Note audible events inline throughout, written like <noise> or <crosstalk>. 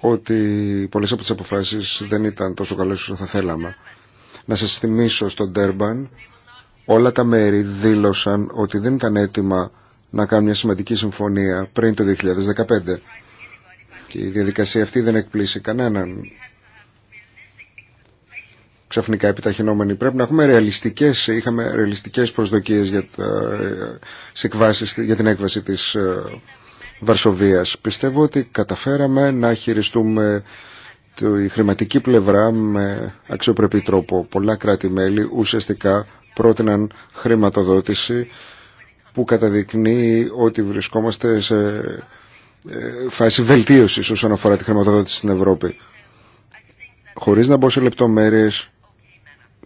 ότι πολλές από τις αποφάσεις δεν ήταν τόσο καλές όσο θα θέλαμε. Να σας θυμίσω στον Ντέρμπαν, όλα τα μέρη δήλωσαν ότι δεν ήταν έτοιμα να κάνουν μια σημαντική συμφωνία πριν το 2015. Και η διαδικασία αυτή δεν εκπλήσει κανέναν. Ξαφνικά επιταχυνόμενοι πρέπει να έχουμε ρεαλιστικές, είχαμε ρεαλιστικές προσδοκίες για, ε, για την έκβαση της ε, Βαρσοβίας. Πιστεύω ότι καταφέραμε να χειριστούμε τη χρηματική πλευρά με αξιοπρεπή τρόπο. Πολλά κράτη-μέλη ουσιαστικά πρότειναν χρηματοδότηση που καταδεικνύει ότι βρισκόμαστε σε ε, φάση βελτίωσης όσον αφορά τη χρηματοδότηση στην Ευρώπη. Χωρίς να μπω σε λεπτομέρειες,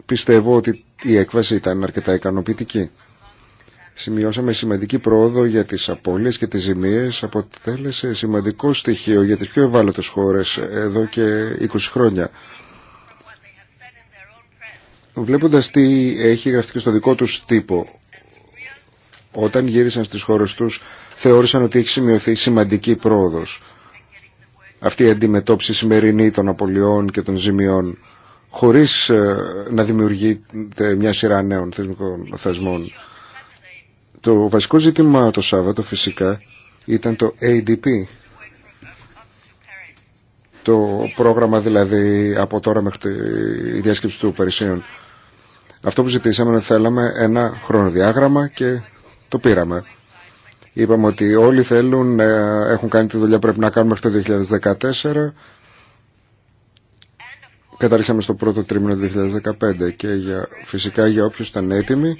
πιστεύω ότι η έκβαση ήταν αρκετά ικανοποιητική. Σημειώσαμε σημαντική πρόοδο για τις απώλειες και τις ζημίες, αποτέλεσε σημαντικό στοιχείο για τις πιο ευάλωτες χώρες εδώ και 20 χρόνια. Βλέποντας τι έχει γραφτεί και στο δικό τους τύπο, όταν γύρισαν στις χώρες τους θεώρησαν ότι έχει σημειωθεί σημαντική πρόοδος. Αυτή η αντιμετώπιση σημερινή των απολειών και των ζημιών χωρίς ε, να δημιουργείται μια σειρά νέων θεσμικών θεσμών. Το βασικό ζήτημα το Σάββατο φυσικά ήταν το ADP. Το πρόγραμμα δηλαδή από τώρα μέχρι τη διάσκεψη του Περισσίων. Αυτό που ζητήσαμε είναι ότι θέλαμε ένα χρονοδιάγραμμα και το πήραμε. Είπαμε ότι όλοι θέλουν, ε, έχουν κάνει τη δουλειά που πρέπει να κάνουμε μέχρι το 2014. Καταλήξαμε στο πρώτο τρίμηνο του 2015 και για, φυσικά για όποιους ήταν έτοιμοι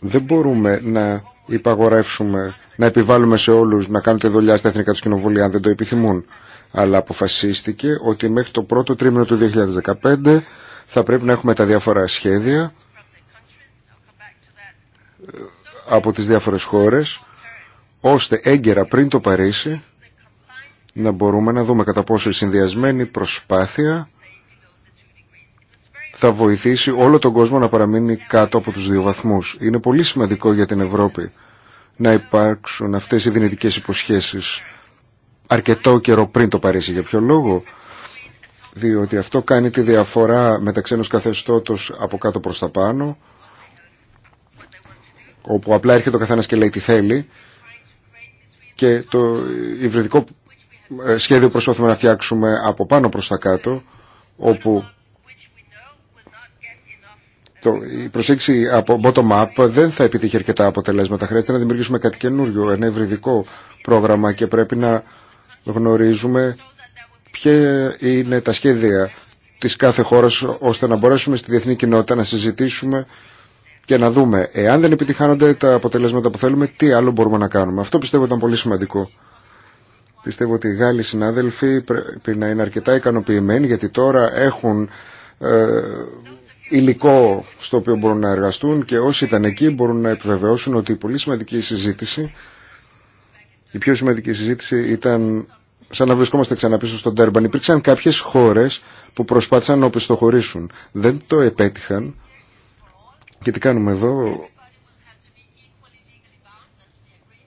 δεν μπορούμε να υπαγορεύσουμε, να επιβάλλουμε σε όλους να κάνουν τη δουλειά στα εθνικά του κοινοβούλια αν δεν το επιθυμούν. Αλλά αποφασίστηκε ότι μέχρι το πρώτο τρίμηνο του 2015 θα πρέπει να έχουμε τα διάφορα σχέδια ε, από τις διάφορες χώρες ώστε έγκαιρα πριν το Παρίσι να μπορούμε να δούμε κατά πόσο η συνδυασμένη προσπάθεια θα βοηθήσει όλο τον κόσμο να παραμείνει κάτω από τους δύο βαθμούς. Είναι πολύ σημαντικό για την Ευρώπη να υπάρξουν αυτές οι δυνητικές υποσχέσεις αρκετό καιρό πριν το Παρίσι. Για ποιο λόγο? Διότι αυτό κάνει τη διαφορά μεταξύ ενός καθεστώτος από κάτω προς τα πάνω όπου απλά έρχεται ο καθένας και λέει τι θέλει και το υβριδικό ε, σχέδιο προσπαθούμε να φτιάξουμε από πάνω προς τα κάτω όπου η προσέγγιση από bottom-up δεν θα επιτύχει αρκετά αποτελέσματα. Χρειάζεται να δημιουργήσουμε κάτι καινούριο, ένα ευρυδικό πρόγραμμα και πρέπει να γνωρίζουμε ποια είναι τα σχέδια της κάθε χώρας ώστε να μπορέσουμε στη διεθνή κοινότητα να συζητήσουμε και να δούμε εάν δεν επιτυχάνονται τα αποτελέσματα που θέλουμε τι άλλο μπορούμε να κάνουμε. Αυτό πιστεύω ήταν πολύ σημαντικό. Πιστεύω ότι οι Γάλλοι συνάδελφοι πρέπει να είναι αρκετά ικανοποιημένοι γιατί τώρα έχουν ε, υλικό στο οποίο μπορούν να εργαστούν και όσοι ήταν εκεί μπορούν να επιβεβαιώσουν ότι η πολύ σημαντική συζήτηση, η πιο σημαντική συζήτηση ήταν σαν να βρισκόμαστε ξανά πίσω στον Τέρμπαν. Υπήρξαν κάποιες χώρες που προσπάθησαν να οπισθοχωρήσουν. Δεν το επέτυχαν. Και τι κάνουμε εδώ.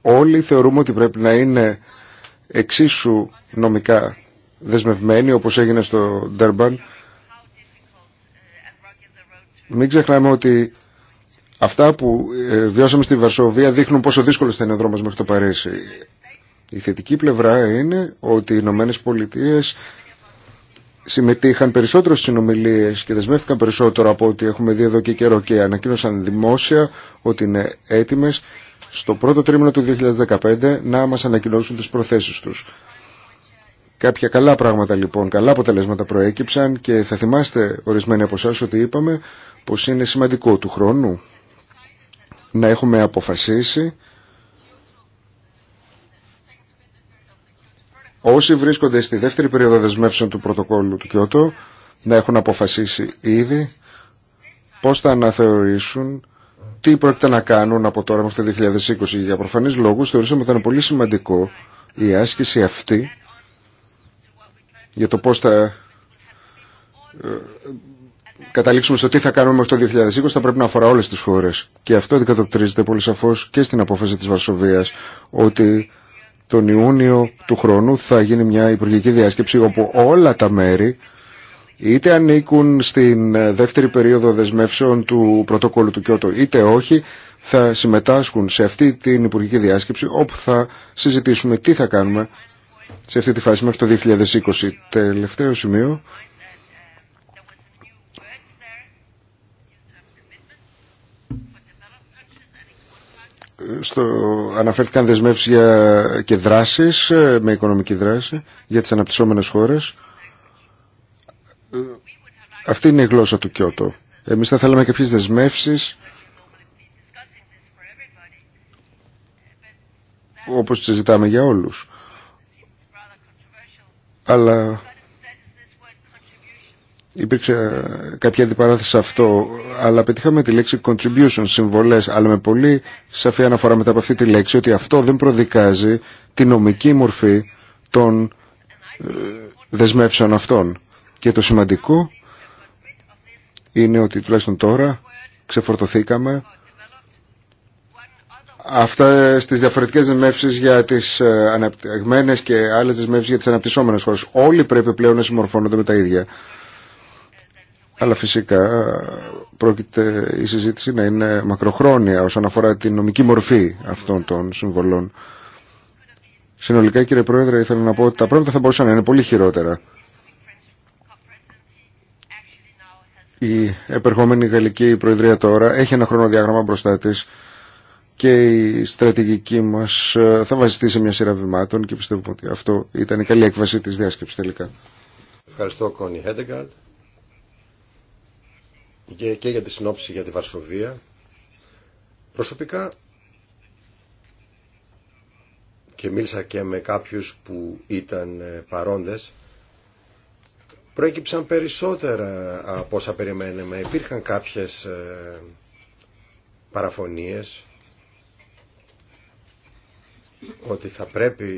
Όλοι θεωρούμε ότι πρέπει να είναι εξίσου νομικά δεσμευμένοι όπως έγινε στο Τέρμπαν. Μην ξεχνάμε ότι αυτά που ε, βιώσαμε στη Βαρσοβία δείχνουν πόσο δύσκολο ήταν ο δρόμος μέχρι το Παρίσι. Η θετική πλευρά είναι ότι οι Ηνωμένε Πολιτείε συμμετείχαν περισσότερο στι συνομιλίε και δεσμεύτηκαν περισσότερο από ό,τι έχουμε δει εδώ και καιρό και ανακοίνωσαν δημόσια ότι είναι έτοιμε στο πρώτο τρίμηνο του 2015 να μα ανακοινώσουν τι προθέσει του. Κάποια καλά πράγματα λοιπόν, καλά αποτελέσματα προέκυψαν και θα θυμάστε ορισμένοι από εσά ότι είπαμε πως είναι σημαντικό του χρόνου να έχουμε αποφασίσει όσοι βρίσκονται στη δεύτερη περίοδο δεσμεύσεων του πρωτοκόλλου του Κιώτο να έχουν αποφασίσει ήδη πώς θα αναθεωρήσουν τι πρόκειται να κάνουν από τώρα μέχρι το 2020. Για προφανείς λόγους θεωρήσαμε ότι ήταν πολύ σημαντικό η άσκηση αυτή για το πώς θα ε, καταλήξουμε στο τι θα κάνουμε μέχρι το 2020 θα πρέπει να αφορά όλες τις χώρες. Και αυτό αντικατοπτρίζεται πολύ σαφώς και στην απόφαση της Βαρσοβίας ότι τον Ιούνιο του χρόνου θα γίνει μια υπουργική διάσκεψη όπου όλα τα μέρη είτε ανήκουν στην ε, δεύτερη περίοδο δεσμεύσεων του πρωτοκόλλου του Κιώτο είτε όχι θα συμμετάσχουν σε αυτή την υπουργική διάσκεψη όπου θα συζητήσουμε τι θα κάνουμε σε αυτή τη φάση μέχρι το 2020. Τελευταίο σημείο. Στο, αναφέρθηκαν δεσμεύσεις για, και δράσεις με οικονομική δράση για τις αναπτυσσόμενες χώρες. Αυτή είναι η γλώσσα του Κιώτο. Εμείς θα θέλαμε κάποιες δεσμεύσεις όπως τις ζητάμε για όλους αλλά υπήρξε κάποια αντιπαράθεση σε αυτό, αλλά πετύχαμε τη λέξη contribution, συμβολές, αλλά με πολύ σαφή αναφορά μετά από αυτή τη λέξη ότι αυτό δεν προδικάζει τη νομική μορφή των ε, δεσμεύσεων αυτών. Και το σημαντικό είναι ότι τουλάχιστον τώρα ξεφορτωθήκαμε αυτά στις διαφορετικές δεσμεύσει για τις ε, αναπτυγμένες και άλλες δεσμεύσει για τις αναπτυσσόμενες χώρες. Όλοι πρέπει πλέον να συμμορφώνονται με τα ίδια. Αλλά φυσικά ε, πρόκειται η συζήτηση να είναι μακροχρόνια όσον αφορά την νομική μορφή αυτών των συμβολών. Συνολικά κύριε Πρόεδρε ήθελα να πω ότι τα πράγματα θα μπορούσαν να είναι πολύ χειρότερα. Η επερχόμενη γαλλική προεδρία τώρα έχει ένα χρονοδιάγραμμα μπροστά της και η στρατηγική μας ε, θα βασιστεί σε μια σειρά βημάτων και πιστεύω ότι αυτό ήταν η καλή έκβαση της διάσκεψης τελικά. Ευχαριστώ Κόνι Χέντεγκαρτ και, και για τη συνόψη για τη Βαρσοβία. Προσωπικά και μίλησα και με κάποιους που ήταν ε, παρόντες προέκυψαν περισσότερα από όσα περιμέναμε. Υπήρχαν κάποιες ε, παραφωνίες ότι θα πρέπει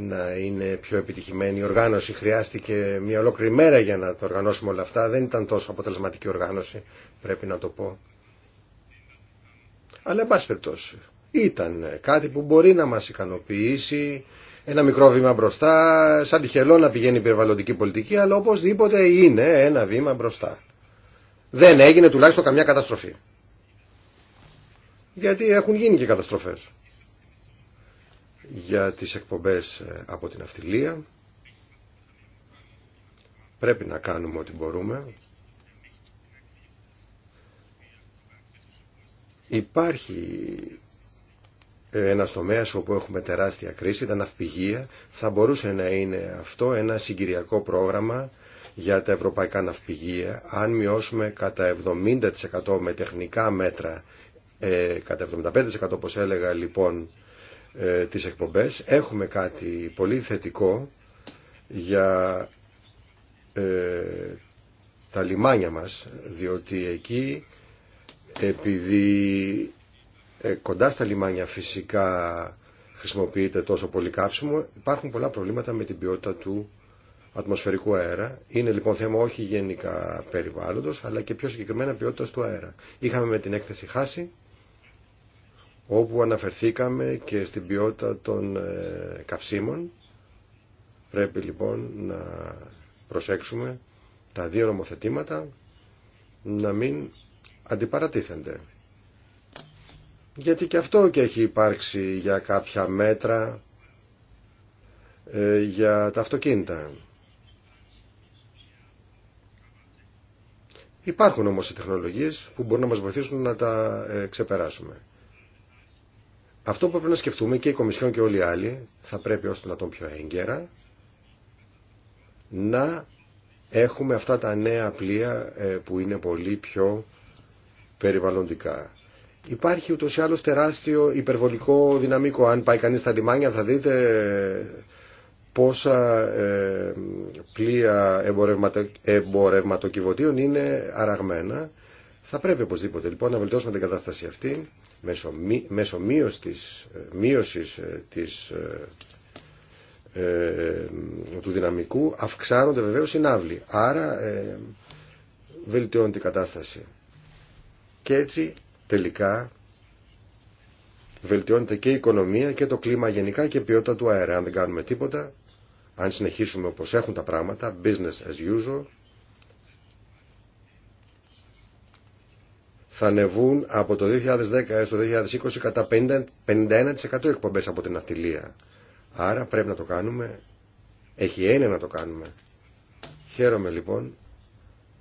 να είναι πιο επιτυχημένη η οργάνωση. Χρειάστηκε μια ολόκληρη μέρα για να το οργανώσουμε όλα αυτά. Δεν ήταν τόσο αποτελεσματική οργάνωση, πρέπει να το πω. Αλλά εν ήταν κάτι που μπορεί να μας ικανοποιήσει, ένα μικρό βήμα μπροστά, σαν τυχελό να πηγαίνει η περιβαλλοντική πολιτική, αλλά οπωσδήποτε είναι ένα βήμα μπροστά. Δεν έγινε τουλάχιστον καμιά καταστροφή. Γιατί έχουν γίνει και καταστροφές για τις εκπομπές ε, από την αυτιλία. Πρέπει να κάνουμε ό,τι μπορούμε. Υπάρχει ε, ένας τομέας όπου έχουμε τεράστια κρίση, τα ναυπηγεία. Θα μπορούσε να είναι αυτό ένα συγκυριακό πρόγραμμα για τα ευρωπαϊκά ναυπηγεία. Αν μειώσουμε κατά 70% με τεχνικά μέτρα, ε, κατά 75% όπως έλεγα λοιπόν, ε, τις εκπομπές. Έχουμε κάτι πολύ θετικό για ε, τα λιμάνια μας, διότι εκεί επειδή ε, κοντά στα λιμάνια φυσικά χρησιμοποιείται τόσο πολύ καύσιμο, υπάρχουν πολλά προβλήματα με την ποιότητα του ατμοσφαιρικού αέρα. Είναι λοιπόν θέμα όχι γενικά περιβάλλοντος, αλλά και πιο συγκεκριμένα ποιότητας του αέρα. Είχαμε με την έκθεση χάσει όπου αναφερθήκαμε και στην ποιότητα των ε, καυσίμων. Πρέπει λοιπόν να προσέξουμε τα δύο νομοθετήματα να μην αντιπαρατίθενται. Γιατί και αυτό και έχει υπάρξει για κάποια μέτρα ε, για τα αυτοκίνητα. Υπάρχουν όμως οι τεχνολογίες που μπορούν να μας βοηθήσουν να τα ε, ξεπεράσουμε. Αυτό που πρέπει να σκεφτούμε και η Κομισιόν και όλοι οι άλλοι, θα πρέπει ώστε να τον πιο έγκαιρα, να έχουμε αυτά τα νέα πλοία ε, που είναι πολύ πιο περιβαλλοντικά. Υπάρχει ούτως ή άλλως τεράστιο υπερβολικό δυναμικό. Αν πάει κανείς στα λιμάνια θα δείτε ε, πόσα ε, πλοία εμπορευματοκιβωτίων είναι αραγμένα. Θα πρέπει οπωσδήποτε λοιπόν να βελτιώσουμε την κατάσταση αυτή μέσω, μέσω μείωσης της, ε, μείωσης ε, της ε, του δυναμικού αυξάνονται βεβαίως οι ναύλοι. Άρα βελτιώνεται η κατάσταση. Και έτσι τελικά βελτιώνεται και η οικονομία και το κλίμα γενικά και η ποιότητα του αέρα. Αν δεν κάνουμε τίποτα, αν συνεχίσουμε όπως έχουν τα πράγματα, business as usual, θα ανεβούν από το 2010 έως το 2020 κατά 50, 51% εκπομπές από την αυτιλία. Άρα πρέπει να το κάνουμε, έχει έννοια να το κάνουμε. Χαίρομαι λοιπόν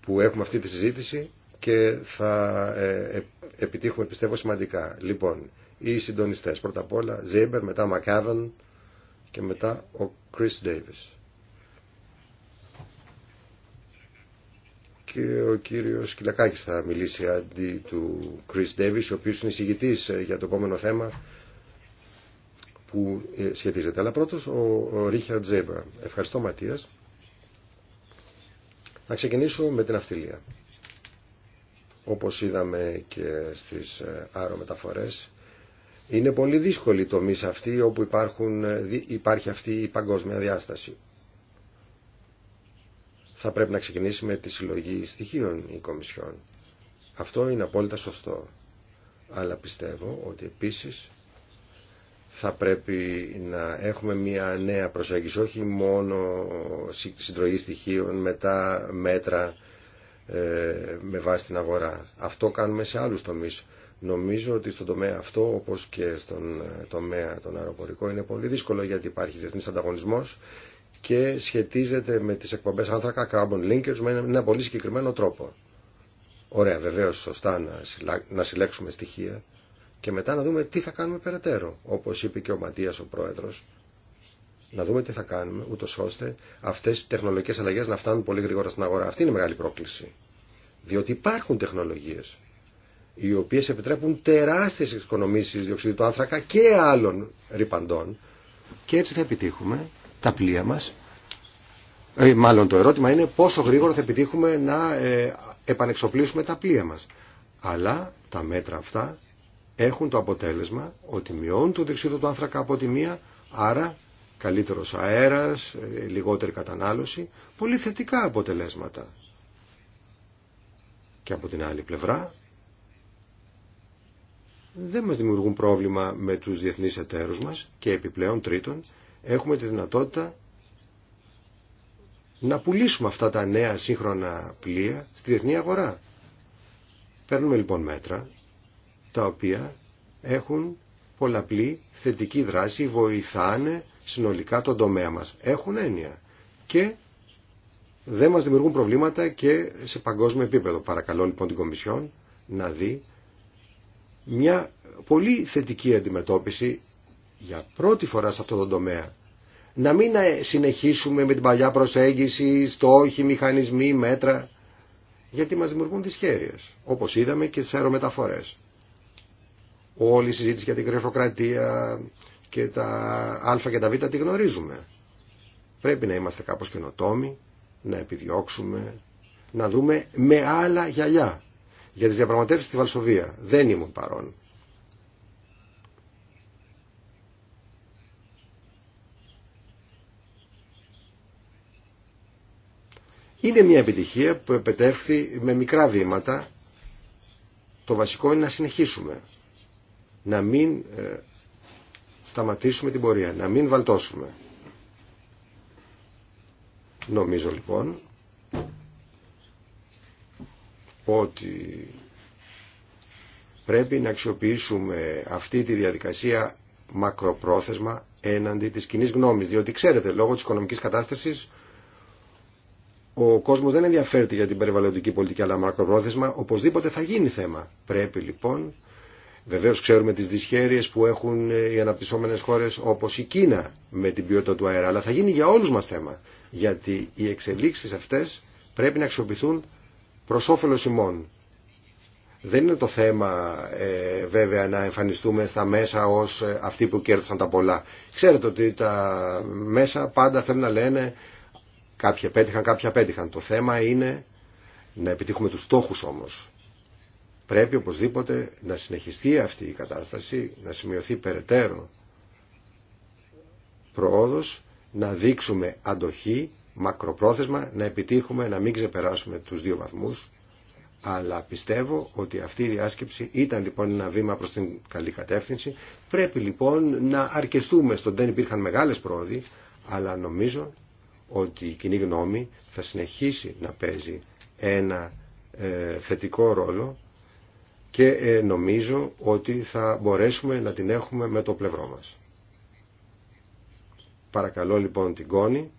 που έχουμε αυτή τη συζήτηση και θα ε, ε, επιτύχουμε πιστεύω σημαντικά. Λοιπόν, οι συντονιστές πρώτα απ' όλα, Ζέμπερ, μετά Μακάβαν και μετά ο Chris Davis. και ο κύριος Κυλακάκης θα μιλήσει αντί του Chris Davis, ο οποίος είναι εισηγητής ε, για το επόμενο θέμα που ε, σχετίζεται. Αλλά πρώτος ο, Ρίχαρτ Ευχαριστώ Ματίας. Να ξεκινήσω με την αυτιλία. Όπως είδαμε και στις αερομεταφορές, είναι πολύ δύσκολη τομή αυτή όπου υπάρχουν, ε, υπάρχει αυτή η παγκόσμια διάσταση θα πρέπει να ξεκινήσει με τη συλλογή στοιχείων η Κομισιόν. Αυτό είναι απόλυτα σωστό. Αλλά πιστεύω ότι επίσης θα πρέπει να έχουμε μια νέα προσέγγιση, όχι μόνο συντρογή στοιχείων, μετά μέτρα ε, με βάση την αγορά. Αυτό κάνουμε σε άλλους τομείς. Νομίζω ότι στον τομέα αυτό, όπως και στον ε, τομέα τον αεροπορικό, είναι πολύ δύσκολο γιατί υπάρχει διεθνής ανταγωνισμός και σχετίζεται με τις εκπομπές άνθρακα carbon linkage με ένα πολύ συγκεκριμένο τρόπο. Ωραία, βεβαίω σωστά να συλλέξουμε στοιχεία και μετά να δούμε τι θα κάνουμε περαιτέρω, όπως είπε και ο Ματίας ο Πρόεδρος, να δούμε τι θα κάνουμε, ούτω ώστε αυτές οι τεχνολογικές αλλαγές να φτάνουν πολύ γρήγορα στην αγορά. Αυτή είναι η μεγάλη πρόκληση. Διότι υπάρχουν τεχνολογίες οι οποίες επιτρέπουν τεράστιες εξοικονομήσεις διοξιδίου του άνθρακα και άλλων ρηπαντών και έτσι θα επιτύχουμε τα πλοία μας. Ε, μάλλον το ερώτημα είναι πόσο γρήγορα θα επιτύχουμε να ε, επανεξοπλίσουμε τα πλοία μας. Αλλά τα μέτρα αυτά έχουν το αποτέλεσμα ότι μειώνουν το δεξίδο του άνθρακα από τη μία, άρα καλύτερος αέρας, ε, λιγότερη κατανάλωση, πολύ θετικά αποτελέσματα. Και από την άλλη πλευρά δεν μας δημιουργούν πρόβλημα με τους διεθνείς εταίρους μας και επιπλέον τρίτον έχουμε τη δυνατότητα να πουλήσουμε αυτά τα νέα σύγχρονα πλοία στη διεθνή αγορά. Παίρνουμε λοιπόν μέτρα τα οποία έχουν πολλαπλή θετική δράση, βοηθάνε συνολικά τον τομέα μας. Έχουν έννοια και δεν μας δημιουργούν προβλήματα και σε παγκόσμιο επίπεδο. Παρακαλώ λοιπόν την Κομισιόν να δει μια πολύ θετική αντιμετώπιση για πρώτη φορά σε αυτό το τομέα. Να μην συνεχίσουμε με την παλιά προσέγγιση, στόχοι, μηχανισμοί, μέτρα, γιατί μας δημιουργούν δυσχέρειες, όπως είδαμε και στις αερομεταφορές. Όλη η συζήτηση για την κρυφοκρατία και τα α και τα β τη γνωρίζουμε. Πρέπει να είμαστε κάπως καινοτόμοι, να επιδιώξουμε, να δούμε με άλλα γυαλιά. Για τις διαπραγματεύσεις στη Βαλσοβία δεν ήμουν παρόν. Είναι μια επιτυχία που επετεύχθη με μικρά βήματα. Το βασικό είναι να συνεχίσουμε. Να μην ε, σταματήσουμε την πορεία, να μην βαλτώσουμε. Νομίζω λοιπόν ότι πρέπει να αξιοποιήσουμε αυτή τη διαδικασία μακροπρόθεσμα έναντι της κοινή γνώμης, διότι ξέρετε λόγω της οικονομικής κατάστασης ο κόσμος δεν ενδιαφέρεται για την περιβαλλοντική πολιτική, αλλά μακροπρόθεσμα οπωσδήποτε θα γίνει θέμα. Πρέπει λοιπόν, βεβαίως ξέρουμε τις δυσχέρειες που έχουν ε, οι αναπτυσσόμενες χώρες όπως η Κίνα με την ποιότητα του αέρα, αλλά θα γίνει για όλους μας θέμα, γιατί οι εξελίξεις αυτές πρέπει να αξιοποιηθούν προς όφελος ημών. Δεν είναι το θέμα ε, βέβαια να εμφανιστούμε στα μέσα ως ε, αυτοί που κέρδισαν τα πολλά. Ξέρετε ότι τα μέσα πάντα θέλουν να λένε Κάποιοι πέτυχαν, κάποια απέτυχαν. Το θέμα είναι να επιτύχουμε τους στόχους όμως. Πρέπει οπωσδήποτε να συνεχιστεί αυτή η κατάσταση, να σημειωθεί περαιτέρω προόδος, να δείξουμε αντοχή, μακροπρόθεσμα, να επιτύχουμε να μην ξεπεράσουμε τους δύο βαθμούς, αλλά πιστεύω ότι αυτή η διάσκεψη ήταν λοιπόν ένα βήμα προς την καλή κατεύθυνση. Πρέπει λοιπόν να αρκεστούμε στον δεν υπήρχαν μεγάλες πρόοδοι, αλλά νομίζω ότι η κοινή γνώμη θα συνεχίσει να παίζει ένα ε, θετικό ρόλο και ε, νομίζω ότι θα μπορέσουμε να την έχουμε με το πλευρό μας. Παρακαλώ λοιπόν την Κόνη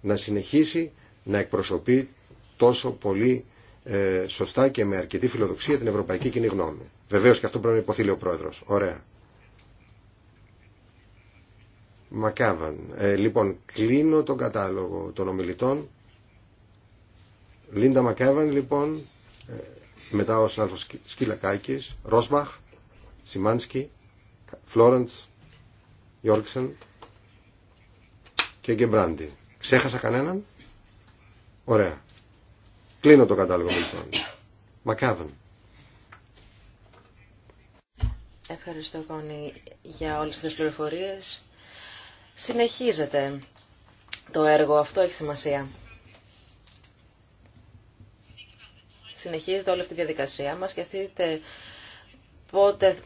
να συνεχίσει να εκπροσωπεί τόσο πολύ ε, σωστά και με αρκετή φιλοδοξία την ευρωπαϊκή κοινή γνώμη. Βεβαίως και αυτό πρέπει να υποθεί, ο πρόεδρος. Ωραία. Μακάβαν. Ε, λοιπόν, κλείνω τον κατάλογο των ομιλητών. Λίντα Μακάβαν, λοιπόν, ε, μετά ο συνάδελφος Σκυλακάκης, Ρόσμπαχ, Σιμάνσκι, Φλόρεντς, Γιόρξεν και Γκεμπράντι. Ξέχασα κανέναν. Ωραία. Κλείνω το κατάλογο λοιπόν. Μακάβεν. Ευχαριστώ Κόνη για όλες τις πληροφορίες. Συνεχίζεται το έργο, αυτό έχει σημασία. Συνεχίζεται όλη αυτή η διαδικασία. Μα αφείτε. Οπότε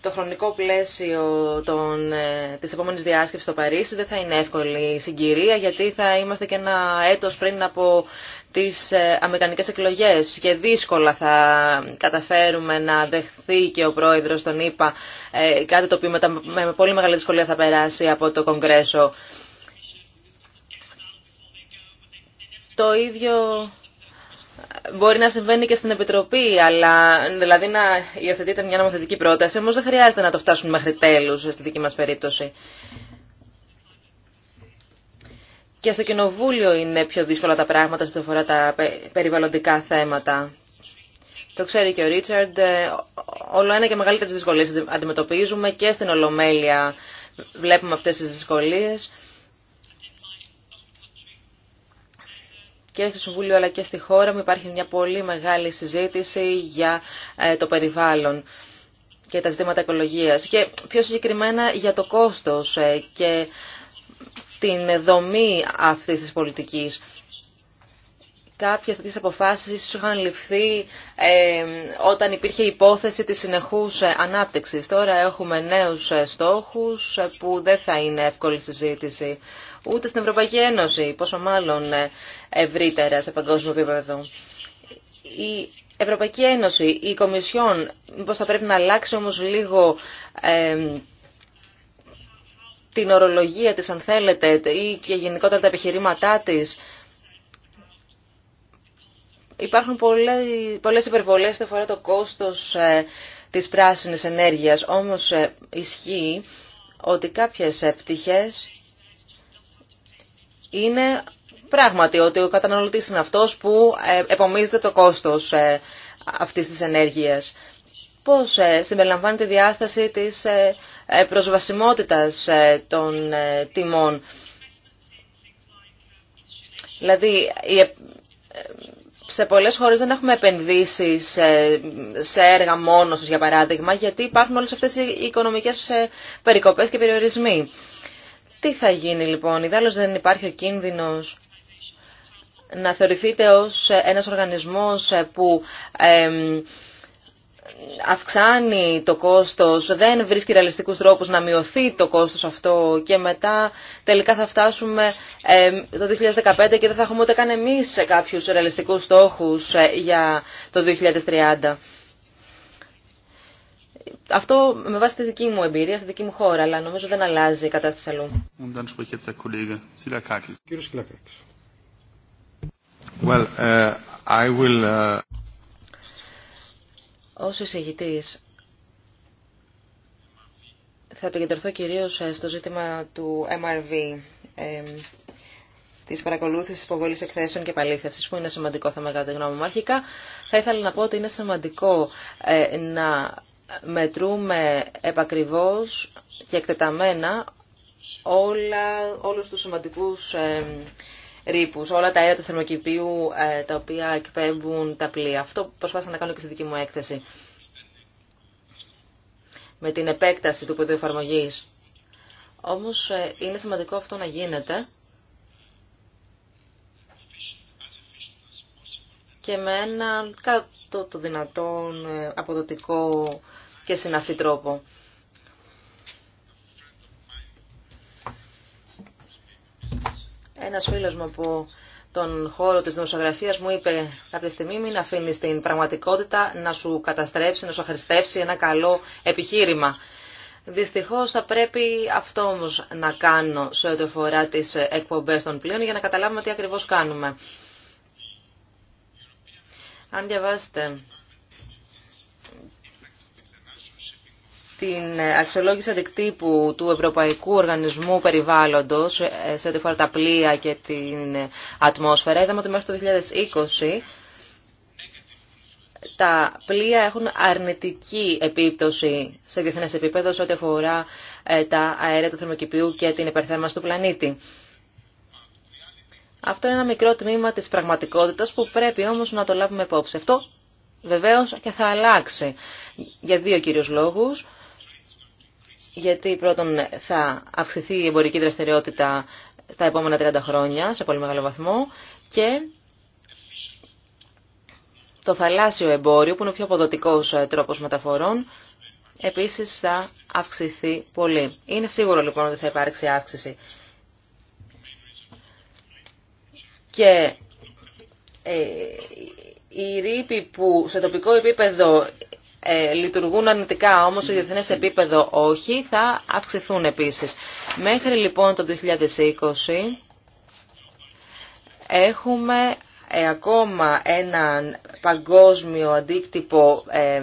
το χρονικό πλαίσιο των, ε, της επόμενης διάσκεψης στο Παρίσι δεν θα είναι εύκολη συγκυρία γιατί θα είμαστε και ένα έτος πριν από τις ε, αμερικανικές εκλογές και δύσκολα θα καταφέρουμε να δεχθεί και ο πρόεδρος τον ΗΠΑ ε, κάτι το οποίο με πολύ μεγάλη δυσκολία θα περάσει από το Κογκρέσο. Το ίδιο Μπορεί να συμβαίνει και στην Επιτροπή, αλλά δηλαδή να υιοθετείται μια νομοθετική πρόταση, όμως δεν χρειάζεται να το φτάσουν μέχρι τέλους στη δική μας περίπτωση. Και στο Κοινοβούλιο είναι πιο δύσκολα τα πράγματα σε αφορά τα περιβαλλοντικά θέματα. Το ξέρει και ο Ρίτσαρντ, ε, όλο ένα και μεγαλύτερες δυσκολίες αντιμετωπίζουμε και στην Ολομέλεια βλέπουμε αυτές τις δυσκολίες. και στο Συμβούλιο αλλά και στη χώρα μου υπάρχει μια πολύ μεγάλη συζήτηση για ε, το περιβάλλον και τα ζητήματα οικολογίας και πιο συγκεκριμένα για το κόστος ε, και την δομή αυτής της πολιτικής. Κάποιες τέτοιες αποφάσεις είχαν ληφθεί ε, όταν υπήρχε υπόθεση της συνεχούς ανάπτυξης. Τώρα έχουμε νέους στόχους που δεν θα είναι εύκολη συζήτηση ούτε στην Ευρωπαϊκή Ένωση, πόσο μάλλον ε, ευρύτερα σε παγκόσμιο επίπεδο. Η Ευρωπαϊκή Ένωση, η Κομισιόν, μήπως θα πρέπει να αλλάξει όμως λίγο την ορολογία της, αν θέλετε, ή και γενικότερα τα επιχειρήματά της. Υπάρχουν πολλές, πολλές υπερβολές στο αφορά το κόστος ε, της πράσινης ενέργειας, όμως ε, ισχύει ότι κάποιες πτυχές είναι πράγματι ότι ο καταναλωτής είναι αυτός που ε, επομίζεται το κόστος ε, αυτής της ενέργειας. Πώς ε, συμπεριλαμβάνεται τη διάσταση της προσβασιμότητας των τιμών. Δηλαδή, σε πολλές χώρες δεν έχουμε επενδύσει σε έργα μόνος για παράδειγμα, γιατί υπάρχουν όλες αυτές οι οικονομικές περικοπές και περιορισμοί. Τι θα γίνει λοιπόν, ιδάλλως δεν υπάρχει ο κίνδυνος να θεωρηθείτε ως ένας οργανισμός που αυξάνει το κόστος, δεν βρίσκει ρεαλιστικούς τρόπους να μειωθεί το κόστος αυτό και μετά τελικά θα φτάσουμε το 2015 και δεν θα έχουμε ούτε καν εμείς κάποιους ρεαλιστικούς στόχους ε, για το 2030. Αυτό με βάση τη δική μου εμπειρία, τη δική μου χώρα, αλλά νομίζω δεν αλλάζει η κατάσταση αλλού. Well, uh, uh, Ως εισηγητής, θα επικεντρωθώ κυρίως ε, στο ζήτημα του MRV, ε, τη παρακολούθηση υποβολή εκθέσεων και επαλήθευσης, που είναι σημαντικό θέμα κατά τη γνώμη μου. Αρχικά, θα ήθελα να πω ότι είναι σημαντικό ε, να μετρούμε επακριβώς και εκτεταμένα όλα, όλους τους σημαντικούς ε, όλα τα αέρα του θερμοκηπίου ε, τα οποία εκπέμπουν τα πλοία. Αυτό προσπάθησα να κάνω και στη δική μου έκθεση. Με την επέκταση του πεδίου εφαρμογή. Όμως ε, είναι σημαντικό αυτό να γίνεται και με έναν κάτω το δυνατόν αποδοτικό και συναφή τρόπο. Ένας φίλος μου που τον χώρο της δημοσιογραφίας μου είπε κάποια στιγμή μην αφήνεις την πραγματικότητα να σου καταστρέψει, να σου αχρηστεύσει ένα καλό επιχείρημα. Δυστυχώς θα πρέπει αυτό όμως να κάνω σε ό,τι αφορά τις εκπομπές των πλοίων για να καταλάβουμε τι ακριβώς κάνουμε. Αν διαβάσετε την αξιολόγηση αντικτύπου του Ευρωπαϊκού Οργανισμού Περιβάλλοντος ε, σε ό,τι φορά τα πλοία και την ατμόσφαιρα, είδαμε ότι μέχρι το 2020 τα πλοία έχουν αρνητική επίπτωση σε διεθνές επίπεδο σε ό,τι αφορά ε, τα αέρια του θερμοκηπίου και την υπερθέρμανση του πλανήτη. Αυτό είναι ένα μικρό τμήμα της πραγματικότητας που πρέπει όμως να το λάβουμε υπόψη. Αυτό βεβαίως και θα αλλάξει για δύο κυρίως λόγους γιατί πρώτον θα αυξηθεί η εμπορική δραστηριότητα στα επόμενα 30 χρόνια σε πολύ μεγάλο βαθμό και το θαλάσσιο εμπόριο που είναι ο πιο αποδοτικός ε, τρόπος μεταφορών επίσης θα αυξηθεί πολύ. Είναι σίγουρο λοιπόν ότι θα υπάρξει αύξηση. Και ε, η ρήπη που σε τοπικό επίπεδο ε, λειτουργούν αρνητικά, όμως σε διεθνές επίπεδο όχι, θα αυξηθούν επίσης. Μέχρι λοιπόν το 2020 έχουμε ε, ακόμα έναν παγκόσμιο αντίκτυπο ε,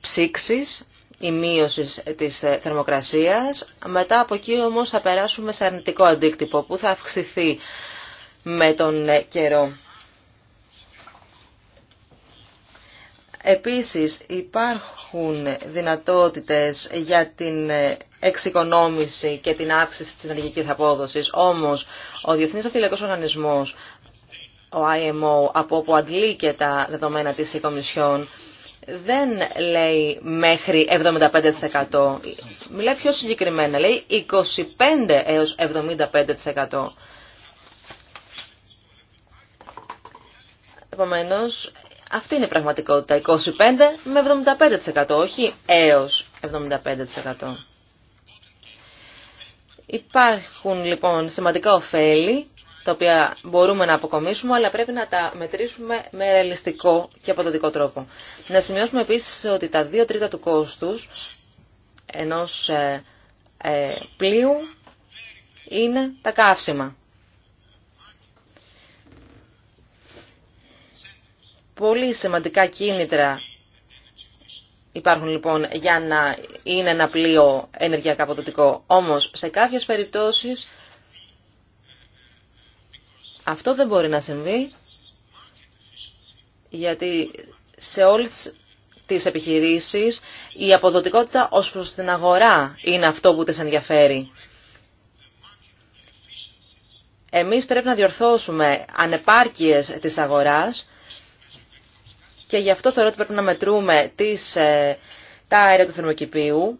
ψήξης, η μείωση της θερμοκρασίας. Μετά από εκεί όμως θα περάσουμε σε αρνητικό αντίκτυπο που θα αυξηθεί με τον καιρό. Επίσης υπάρχουν δυνατότητες για την εξοικονόμηση και την αύξηση της ενεργικής απόδοσης, όμως ο Διεθνής Αυτιλιακός Οργανισμός, ο IMO, από όπου αντλεί και τα δεδομένα της Κομισιόν, δεν λέει μέχρι 75%. Μιλάει πιο συγκεκριμένα, λέει 25 έως 75%. Επομένως, αυτή είναι η πραγματικότητα. 25 με 75%, όχι έως 75%. Υπάρχουν λοιπόν σημαντικά ωφέλη, τα οποία μπορούμε να αποκομίσουμε, αλλά πρέπει να τα μετρήσουμε με ρεαλιστικό και αποδοτικό τρόπο. Να σημειώσουμε επίσης ότι τα δύο τρίτα του κόστους ενός ε, ε, πλοίου είναι τα καύσιμα. Πολύ σημαντικά κίνητρα υπάρχουν λοιπόν για να είναι ένα πλοίο ενεργειακά αποδοτικό. Όμως σε κάποιες περιπτώσεις αυτό δεν μπορεί να συμβεί γιατί σε όλες τις επιχειρήσεις η αποδοτικότητα ως προς την αγορά είναι αυτό που τις ενδιαφέρει. Εμείς πρέπει να διορθώσουμε ανεπάρκειες της αγοράς και γι' αυτό θεωρώ ότι πρέπει να μετρούμε τις, ε, τα αέρια του θερμοκηπίου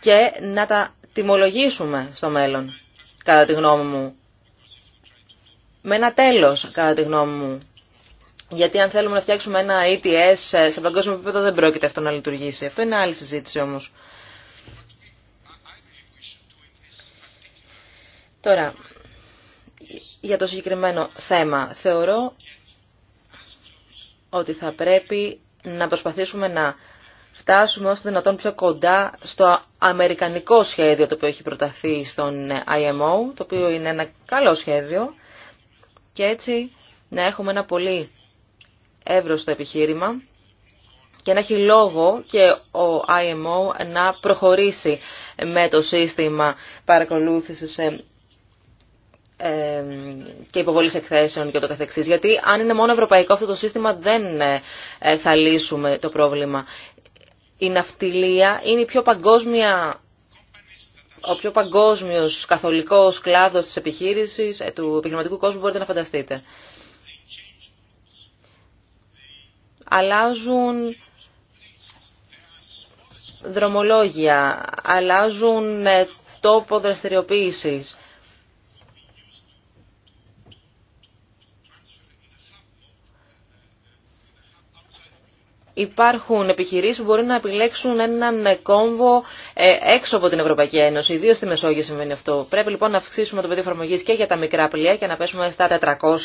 και να τα τιμολογήσουμε στο μέλλον, κατά τη γνώμη μου. Με ένα τέλος, κατά τη γνώμη μου. Γιατί αν θέλουμε να φτιάξουμε ένα ETS ε, σε παγκόσμιο επίπεδο δεν πρόκειται αυτό να λειτουργήσει. Αυτό είναι άλλη συζήτηση όμως. Τώρα, για το συγκεκριμένο θέμα, θεωρώ ότι θα πρέπει να προσπαθήσουμε να φτάσουμε όσο δυνατόν πιο κοντά στο αμερικανικό σχέδιο το οποίο έχει προταθεί στον IMO, το οποίο είναι ένα καλό σχέδιο και έτσι να έχουμε ένα πολύ εύρωστο επιχείρημα και να έχει λόγο και ο IMO να προχωρήσει με το σύστημα παρακολούθησης ε, και υποβολή εκθέσεων και το καθεξής. Γιατί αν είναι μόνο ευρωπαϊκό αυτό το σύστημα δεν ε, ε, θα λύσουμε το πρόβλημα. Η ναυτιλία είναι η πιο παγκόσμια ο πιο παγκόσμιος καθολικός κλάδος της επιχείρησης, ε, του επιχειρηματικού κόσμου μπορείτε να φανταστείτε. Αλλάζουν δρομολόγια, αλλάζουν τόπο δραστηριοποίησης. υπάρχουν επιχειρήσεις που μπορεί να επιλέξουν έναν ε, κόμβο ε, έξω από την Ευρωπαϊκή Ένωση. ιδίως στη Μεσόγειο συμβαίνει αυτό. Πρέπει λοιπόν να αυξήσουμε το πεδίο εφαρμογή και για τα μικρά πλοία και να πέσουμε στα 400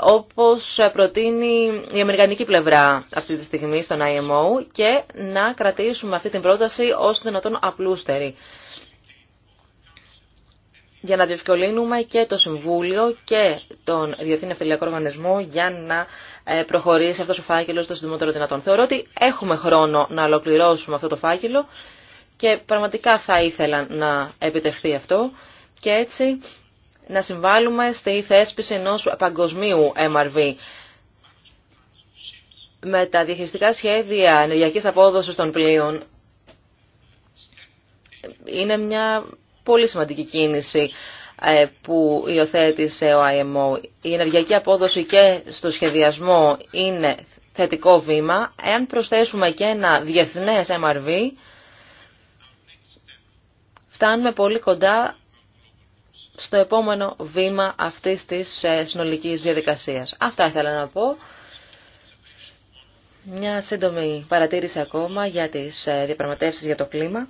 όπως προτείνει η Αμερικανική πλευρά αυτή τη στιγμή στον IMO και να κρατήσουμε αυτή την πρόταση ως δυνατόν απλούστερη για να διευκολύνουμε και το Συμβούλιο και τον Διεθνή Αυτελειακό Οργανισμό για να ε, προχωρήσει αυτός ο φάκελος το συντομότερο δυνατόν. Θεωρώ ότι έχουμε χρόνο να ολοκληρώσουμε αυτό το φάκελο και πραγματικά θα ήθελα να επιτευχθεί αυτό και έτσι να συμβάλλουμε στη θέσπιση ενός παγκοσμίου MRV. Με τα διαχειριστικά σχέδια ενεργειακής απόδοσης των πλοίων ε, είναι μια πολύ σημαντική κίνηση ε, που υιοθέτησε ο IMO. Η ενεργειακή απόδοση και στο σχεδιασμό είναι θετικό βήμα. Εάν προσθέσουμε και ένα διεθνές MRV, φτάνουμε πολύ κοντά στο επόμενο βήμα αυτής της ε, συνολικής διαδικασίας. Αυτά ήθελα να πω. Μια σύντομη παρατήρηση ακόμα για τις ε, διαπραγματεύσεις για το κλίμα.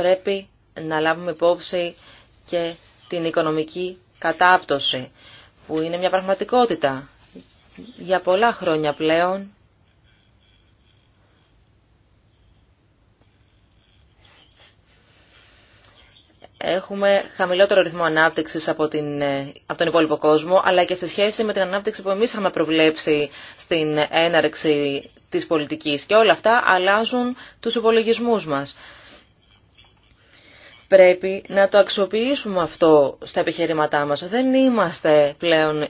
πρέπει να λάβουμε υπόψη και την οικονομική κατάπτωση, που είναι μια πραγματικότητα. Για πολλά χρόνια πλέον έχουμε χαμηλότερο ρυθμό ανάπτυξης από, από τον υπόλοιπο κόσμο, αλλά και σε σχέση με την ανάπτυξη που εμείς είχαμε προβλέψει στην έναρξη της πολιτικής. Και όλα αυτά αλλάζουν τους υπολογισμούς μας πρέπει να το αξιοποιήσουμε αυτό στα επιχειρήματά μας. Δεν είμαστε πλέον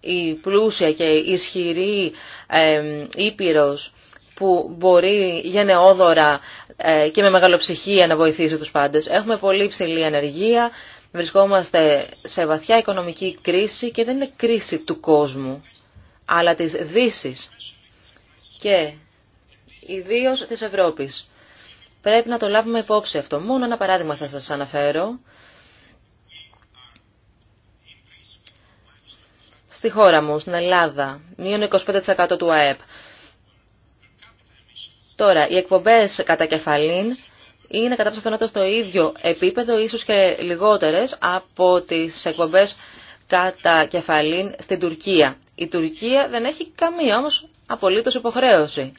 η πλούσια και ισχυρή ε, ήπειρος που μπορεί γενναιόδωρα ε, και με μεγαλοψυχία να βοηθήσει τους πάντες. Έχουμε πολύ ψηλή ανεργία, βρισκόμαστε σε βαθιά οικονομική κρίση και δεν είναι κρίση του κόσμου, αλλά της δύση και ιδίως της Ευρώπης. Πρέπει να το λάβουμε υπόψη αυτό. Μόνο ένα παράδειγμα θα σας αναφέρω. Στη χώρα μου, στην Ελλάδα, μείον 25% του ΑΕΠ. Τώρα, οι εκπομπές κατά κεφαλήν είναι κατά πιθανότητα στο ίδιο επίπεδο, ίσως και λιγότερες, από τις εκπομπές κατά κεφαλήν στην Τουρκία. Η Τουρκία δεν έχει καμία όμως απολύτως υποχρέωση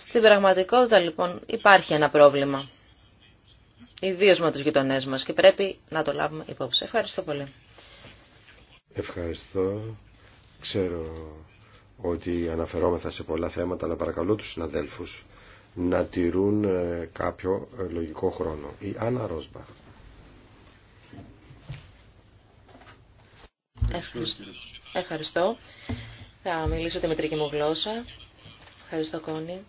στην πραγματικότητα λοιπόν υπάρχει ένα πρόβλημα. Ιδίω με του γειτονέ μα και πρέπει να το λάβουμε υπόψη. Ευχαριστώ πολύ. Ευχαριστώ. Ξέρω ότι αναφερόμεθα σε πολλά θέματα, αλλά παρακαλώ τους συναδέλφου να τηρούν ε, κάποιο ε, λογικό χρόνο. Η Άννα Ρόσμπαχ. Ευχαριστώ. Ευχαριστώ. Θα μιλήσω τη μετρική μου γλώσσα. Ευχαριστώ, Κόνη.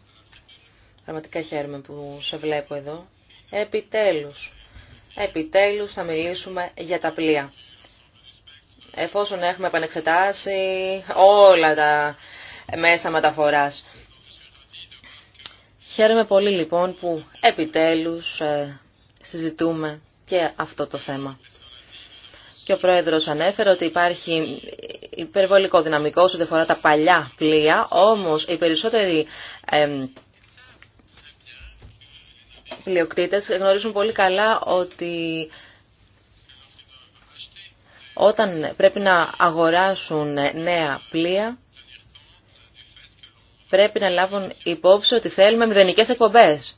Πραγματικά χαίρομαι που σε βλέπω εδώ. Επιτέλους, επιτέλους θα μιλήσουμε για τα πλοία. Εφόσον έχουμε επανεξετάσει όλα τα μέσα μεταφοράς. Χαίρομαι πολύ λοιπόν που επιτέλους ε, συζητούμε και αυτό το θέμα. Και ο Πρόεδρος ανέφερε ότι υπάρχει υπερβολικό δυναμικό σε ό,τι αφορά τα παλιά πλοία, όμως οι περισσότεροι ε, πλειοκτήτες γνωρίζουν πολύ καλά ότι όταν πρέπει να αγοράσουν νέα πλοία, πρέπει να λάβουν υπόψη ότι θέλουμε μηδενικές εκπομπές.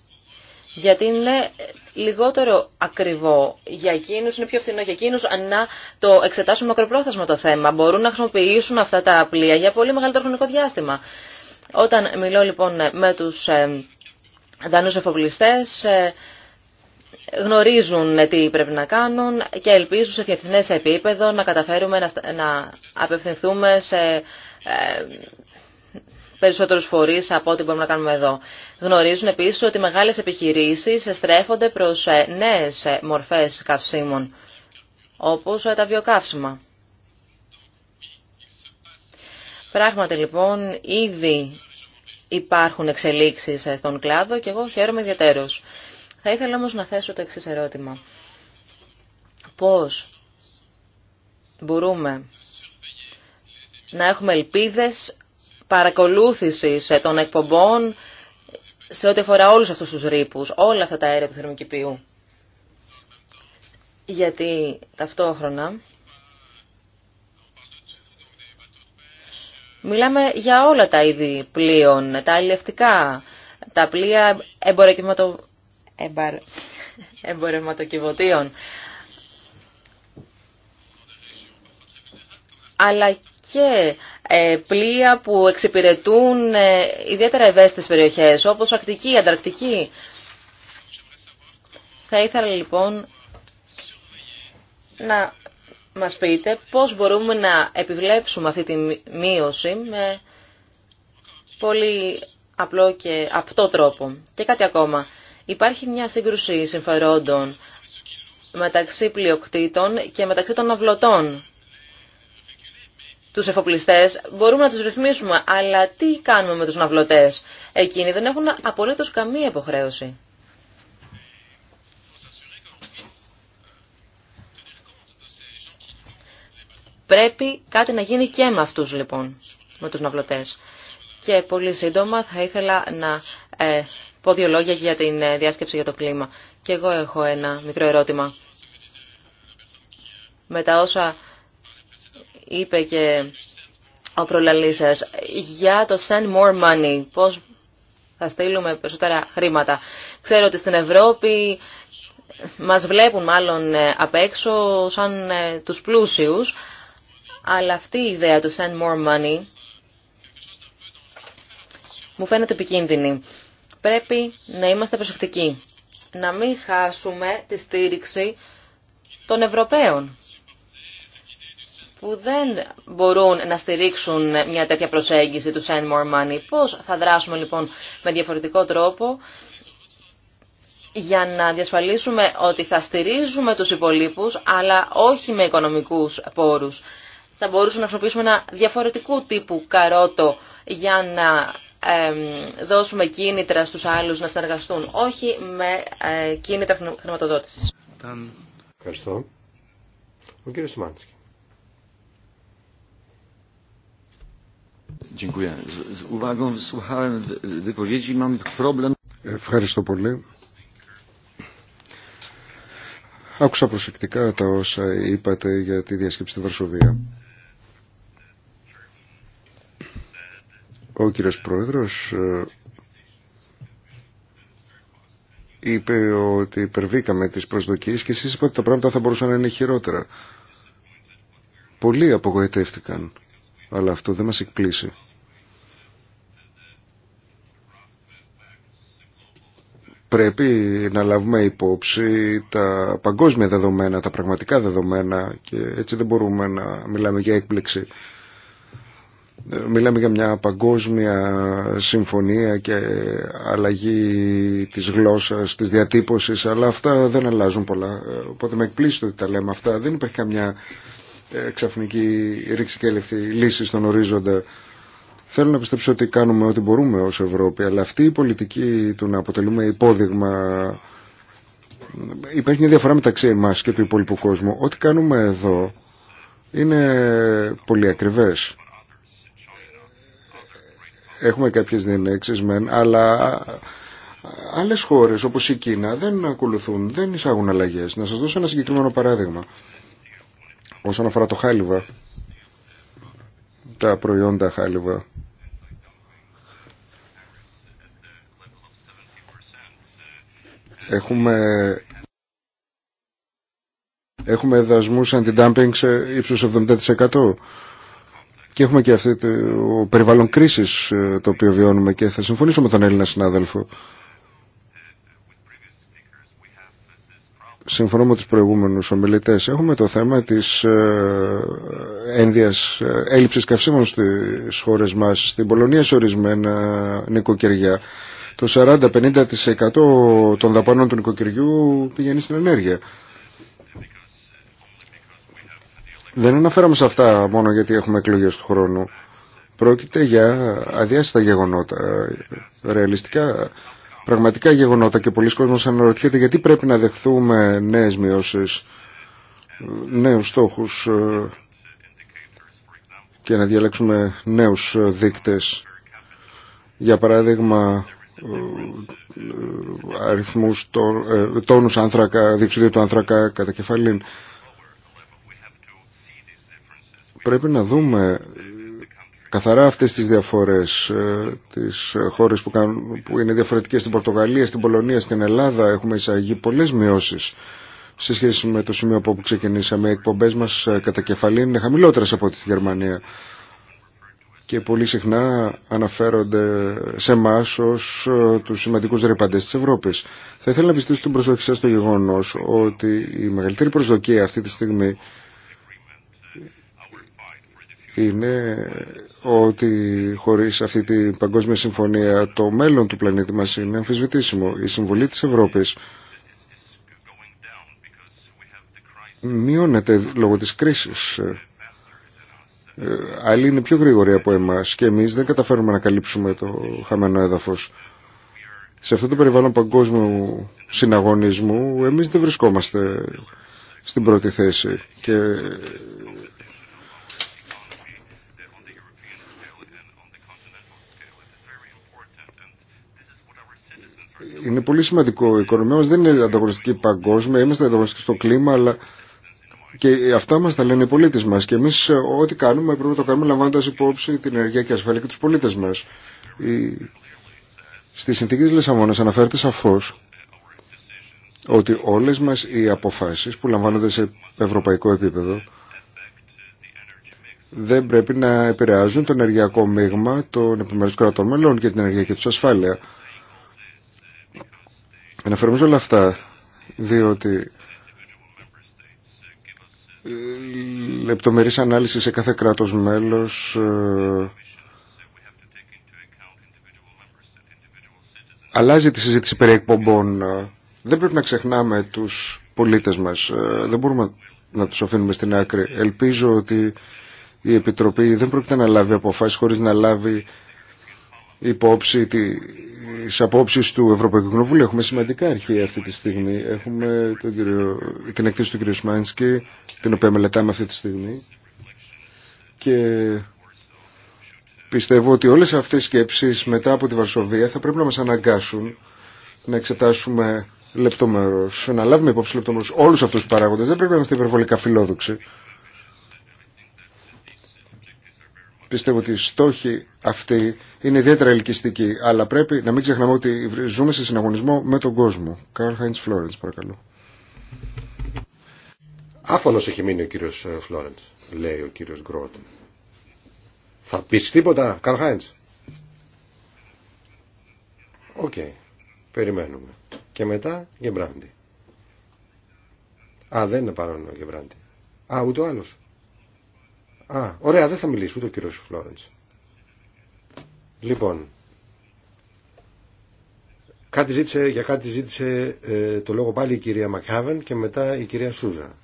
Γιατί είναι λιγότερο ακριβό για εκείνους, είναι πιο φθηνό για εκείνους να το εξετάσουν μακροπρόθεσμα το θέμα. Μπορούν να χρησιμοποιήσουν αυτά τα πλοία για πολύ μεγαλύτερο χρονικό διάστημα. Όταν μιλώ λοιπόν με τους ε, Δανείους εφοπλιστές ε, γνωρίζουν τι πρέπει να κάνουν και ελπίζουν σε διεθνές επίπεδο να καταφέρουμε να απευθυνθούμε σε ε, περισσότερους φορείς από ό,τι μπορούμε να κάνουμε εδώ. Γνωρίζουν επίσης ότι μεγάλες επιχειρήσεις στρέφονται προς ε, νέες μορφές καυσίμων, όπως τα βιοκαύσιμα. Πράγματι λοιπόν, ήδη υπάρχουν εξελίξεις ε, στον κλάδο και εγώ χαίρομαι ιδιαίτερως. Θα ήθελα όμως να θέσω το εξής ερώτημα. Πώς μπορούμε να έχουμε ελπίδες παρακολούθησης ε, των εκπομπών σε ό,τι αφορά όλους αυτούς τους ρήπους, όλα αυτά τα αέρια του θερμοκηπίου. Γιατί ταυτόχρονα Μιλάμε για όλα τα είδη πλοίων, τα αλληλευτικά, τα πλοία εμπορευματο... <laughs> εμπορευματοκιβωτίων. Αλλά και ε, πλοία που εξυπηρετούν ε, ιδιαίτερα ευαίσθητες περιοχές, όπως Ακτική, Ανταρκτική. Θα ήθελα λοιπόν να μας πείτε πώς μπορούμε να επιβλέψουμε αυτή τη μείωση με πολύ απλό και απτό τρόπο. Και κάτι ακόμα. Υπάρχει μια σύγκρουση συμφερόντων μεταξύ πλειοκτήτων και μεταξύ των αυλωτών. Τους εφοπλιστές μπορούμε να τους ρυθμίσουμε, αλλά τι κάνουμε με τους ναυλωτές. Εκείνοι δεν έχουν απολύτως καμία υποχρέωση. Πρέπει κάτι να γίνει και με αυτούς λοιπόν, με τους ναυλωτές. Και πολύ σύντομα θα ήθελα να ε, πω δύο λόγια για την ε, διάσκεψη για το κλίμα. Και εγώ έχω ένα μικρό ερώτημα. Με τα όσα είπε και ο προλαλής για το send more money, πώς θα στείλουμε περισσότερα χρήματα. Ξέρω ότι στην Ευρώπη μας βλέπουν μάλλον ε, απ' έξω σαν τους πλούσιους, αλλά αυτή η ιδέα του send more money μου φαίνεται επικίνδυνη. Πρέπει να είμαστε προσεκτικοί, να μην χάσουμε τη στήριξη των Ευρωπαίων που δεν μπορούν να στηρίξουν μια τέτοια προσέγγιση του send more money. Πώς θα δράσουμε λοιπόν με διαφορετικό τρόπο για να διασφαλίσουμε ότι θα στηρίζουμε τους υπολείπους, αλλά όχι με οικονομικούς πόρους θα μπορούσαμε να χρησιμοποιήσουμε ένα διαφορετικό τύπου καρότο για να δώσουμε κίνητρα στους άλλους να συνεργαστούν, όχι με ε, κίνητρα χρηματοδότησης. Ευχαριστώ. Ο κύριος Σιμάντσικη. Ευχαριστώ πολύ. Άκουσα προσεκτικά τα όσα είπατε για τη διασκέψη στη Βαρσοβία. Ο κύριος Πρόεδρος ε, είπε ότι υπερβήκαμε τις προσδοκίες και εσείς είπατε ότι τα πράγματα θα μπορούσαν να είναι χειρότερα. Πολλοί απογοητεύτηκαν, αλλά αυτό δεν μας εκπλήσει. Πρέπει να λάβουμε υπόψη τα παγκόσμια δεδομένα, τα πραγματικά δεδομένα και έτσι δεν μπορούμε να μιλάμε για έκπληξη. Μιλάμε για μια παγκόσμια συμφωνία και αλλαγή της γλώσσας, της διατύπωσης, αλλά αυτά δεν αλλάζουν πολλά. Οπότε με εκπλήσει ότι τα λέμε αυτά. Δεν υπάρχει καμιά ε, ξαφνική ρήξη και έλευθη λύση στον ορίζοντα. Θέλω να πιστέψω ότι κάνουμε ό,τι μπορούμε ως Ευρώπη, αλλά αυτή η πολιτική του να αποτελούμε υπόδειγμα υπάρχει μια διαφορά μεταξύ εμάς και του υπόλοιπου κόσμου. Ό,τι κάνουμε εδώ είναι πολύ ακριβές. Έχουμε κάποιες διενέξεις μεν, αλλά άλλες χώρες όπως η Κίνα δεν ακολουθούν, δεν εισάγουν αλλαγές. Να σας δώσω ένα συγκεκριμένο παράδειγμα. Όσον αφορά το χάλιβα, τα προϊόντα χάλιβα, έχουμε έχουμε δασμούς αντι-dumping σε ύψος 70%. Και έχουμε και αυτό το περιβάλλον κρίσης ε, το οποίο βιώνουμε και θα συμφωνήσω με τον Έλληνα συνάδελφο. Συμφωνώ με τους προηγούμενους ομιλητές. Έχουμε το θέμα της ε, ένδυας ε, έλλειψης καυσίμων στις χώρες μας, στην Πολωνία σε ορισμένα νοικοκυριά. Το 40-50% των δαπανών του νοικοκυριού πηγαίνει στην ενέργεια. Δεν αναφέραμε σε αυτά μόνο γιατί έχουμε εκλογέ του χρόνου. Πρόκειται για αδιάστατα γεγονότα, ρεαλιστικά, πραγματικά γεγονότα και πολλοί κόσμοι αναρωτιέται γιατί πρέπει να δεχθούμε νέες μειώσει, νέους στόχου, ε, και να διαλέξουμε νέους δείκτες. Για παράδειγμα, ε, ε, αριθμούς τόνους άνθρακα, διεξουδίου του άνθρακα κατά κεφαλήν. Πρέπει να δούμε καθαρά αυτές τις διαφορές ε, τις χώρες που, κάνουν, που είναι διαφορετικές στην Πορτογαλία, στην Πολωνία, στην Ελλάδα έχουμε εισαγεί πολλές μειώσεις σε σχέση με το σημείο από όπου ξεκινήσαμε οι εκπομπές μας ε, κατά κεφαλή είναι χαμηλότερες από τη Γερμανία και πολύ συχνά αναφέρονται σε εμά ω ε, του σημαντικού ρεπαντέ τη Ευρώπη. Θα ήθελα να πιστήσω την προσοχή σα στο γεγονό ότι η μεγαλύτερη προσδοκία αυτή τη στιγμή είναι ότι χωρίς αυτή την παγκόσμια συμφωνία το μέλλον του πλανήτη μας είναι αμφισβητήσιμο. Η συμβολή της Ευρώπης μειώνεται λόγω της κρίσης. Ε, άλλοι είναι πιο γρήγοροι από εμάς και εμείς δεν καταφέρουμε να καλύψουμε το χαμένο έδαφος. Σε αυτό το περιβάλλον παγκόσμιου συναγωνισμού εμείς δεν βρισκόμαστε στην πρώτη θέση και είναι πολύ σημαντικό. Η οικονομία μας δεν είναι ανταγωνιστική παγκόσμια, είμαστε ανταγωνιστικοί στο κλίμα, αλλά και αυτά μας τα λένε οι πολίτες μας. Και εμείς ε, ό,τι κάνουμε πρέπει να το κάνουμε λαμβάνοντας υπόψη την ενεργειακή ασφάλεια και τους πολίτες μας. Στη συνθήκη της Λεσσαμόνας αναφέρεται σαφώς ότι όλες μας οι αποφάσεις που λαμβάνονται σε ευρωπαϊκό επίπεδο δεν πρέπει να επηρεάζουν το ενεργειακό μείγμα των επιμέρους κρατών μελών και την ενεργειακή του ασφάλεια. Αναφέρομαι όλα αυτά, διότι ε, λεπτομερής ανάλυση σε κάθε κράτος μέλος ε, αλλάζει τη συζήτηση περί εκπομπών. Δεν πρέπει να ξεχνάμε τους πολίτες μας. Ε, δεν μπορούμε να τους αφήνουμε στην άκρη. Ελπίζω ότι η Επιτροπή δεν πρόκειται να λάβει αποφάσεις χωρίς να λάβει υπόψη τη τις απόψεις του Ευρωπαϊκού Κοινοβούλου Έχουμε σημαντικά αρχή αυτή τη στιγμή. Έχουμε τον κύριο, την εκθέση του κ. Σμάνσκι, την οποία μελετάμε αυτή τη στιγμή. Και πιστεύω ότι όλες αυτές οι σκέψεις μετά από τη Βαρσοβία θα πρέπει να μας αναγκάσουν να εξετάσουμε λεπτομέρως, να λάβουμε υπόψη λεπτομέρως όλους αυτούς τους παράγοντες. Δεν πρέπει να είμαστε υπερβολικά φιλόδοξοι. Πιστεύω ότι οι στόχοι αυτοί είναι ιδιαίτερα ελκυστικοί, αλλά πρέπει να μην ξεχνάμε ότι ζούμε σε συναγωνισμό με τον κόσμο. Καρλ Χάιντ Φλόρεντ, παρακαλώ. Άφωνο έχει μείνει ο κύριο ε, Φλόρεντ, λέει ο κύριο Γκρότ. Θα πει τίποτα, Καρλ Χάιντ. Οκ. Περιμένουμε. Και μετά Γεμπράντι. Α, δεν είναι παρόν ο Γεμπράντι. Α, ούτε άλλος. Α, ωραία, δεν θα μιλήσει ούτε ο κύριος Φλόρεντς. Λοιπόν, κάτι ζήτησε, για κάτι ζήτησε ε, το λόγο πάλι η κυρία Μακάβεν και μετά η κυρία Σούζα.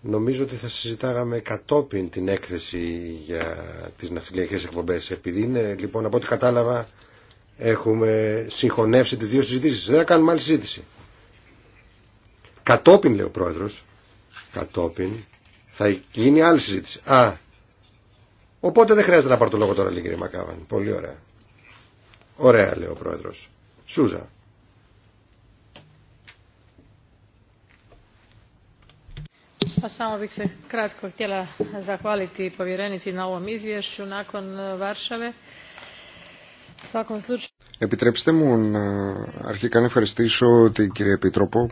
Νομίζω ότι θα συζητάγαμε κατόπιν την έκθεση για τις ναυτιλιακές εκπομπές. Επειδή είναι, λοιπόν, από ό,τι κατάλαβα, έχουμε συγχωνεύσει τις δύο συζητήσεις. Δεν θα κάνουμε άλλη συζήτηση. Κατόπιν, λέει ο πρόεδρος, κατόπιν θα γίνει άλλη συζήτηση. Α, οπότε δεν χρειάζεται να πάρω το λόγο τώρα, λέει κύριε Μακάβαν. Πολύ ωραία. Ωραία, λέει ο πρόεδρος. Σούζα. Pa samo bih se kratko htjela zahvaliti povjerenici na ovom izvješću nakon e, Varšave. svakom slučaju... Επιτρέψτε μου να αρχικά να ευχαριστήσω την κυρία Επίτροπο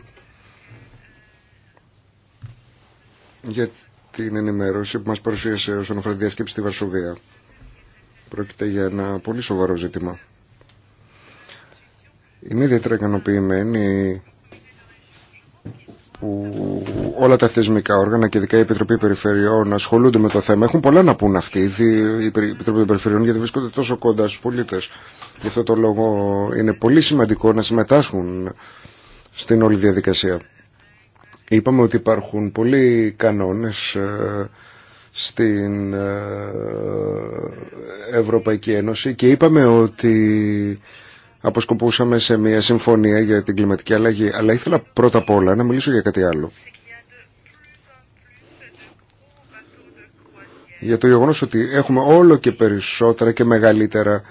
για την ενημέρωση που μας παρουσίασε όσον αφορά τη διασκέψη στη Βαρσοβία. Πρόκειται για ένα πολύ σοβαρό ζήτημα. Είμαι ιδιαίτερα ικανοποιημένη που όλα τα θεσμικά όργανα και ειδικά η Επιτροπή Περιφερειών ασχολούνται με το θέμα. Έχουν πολλά να πούν αυτοί, η Επιτροπή Περιφερειών, γιατί βρίσκονται τόσο κοντά στους πολίτες. Γι' αυτό το λόγο είναι πολύ σημαντικό να συμμετάσχουν στην όλη διαδικασία. Είπαμε ότι υπάρχουν πολλοί κανόνες ε, στην ε, Ευρωπαϊκή Ένωση και είπαμε ότι αποσκοπούσαμε σε μια συμφωνία για την κλιματική αλλαγή. Αλλά ήθελα πρώτα απ' όλα να μιλήσω για κάτι άλλο. Για το γεγονός ότι έχουμε όλο και περισσότερα και μεγαλύτερα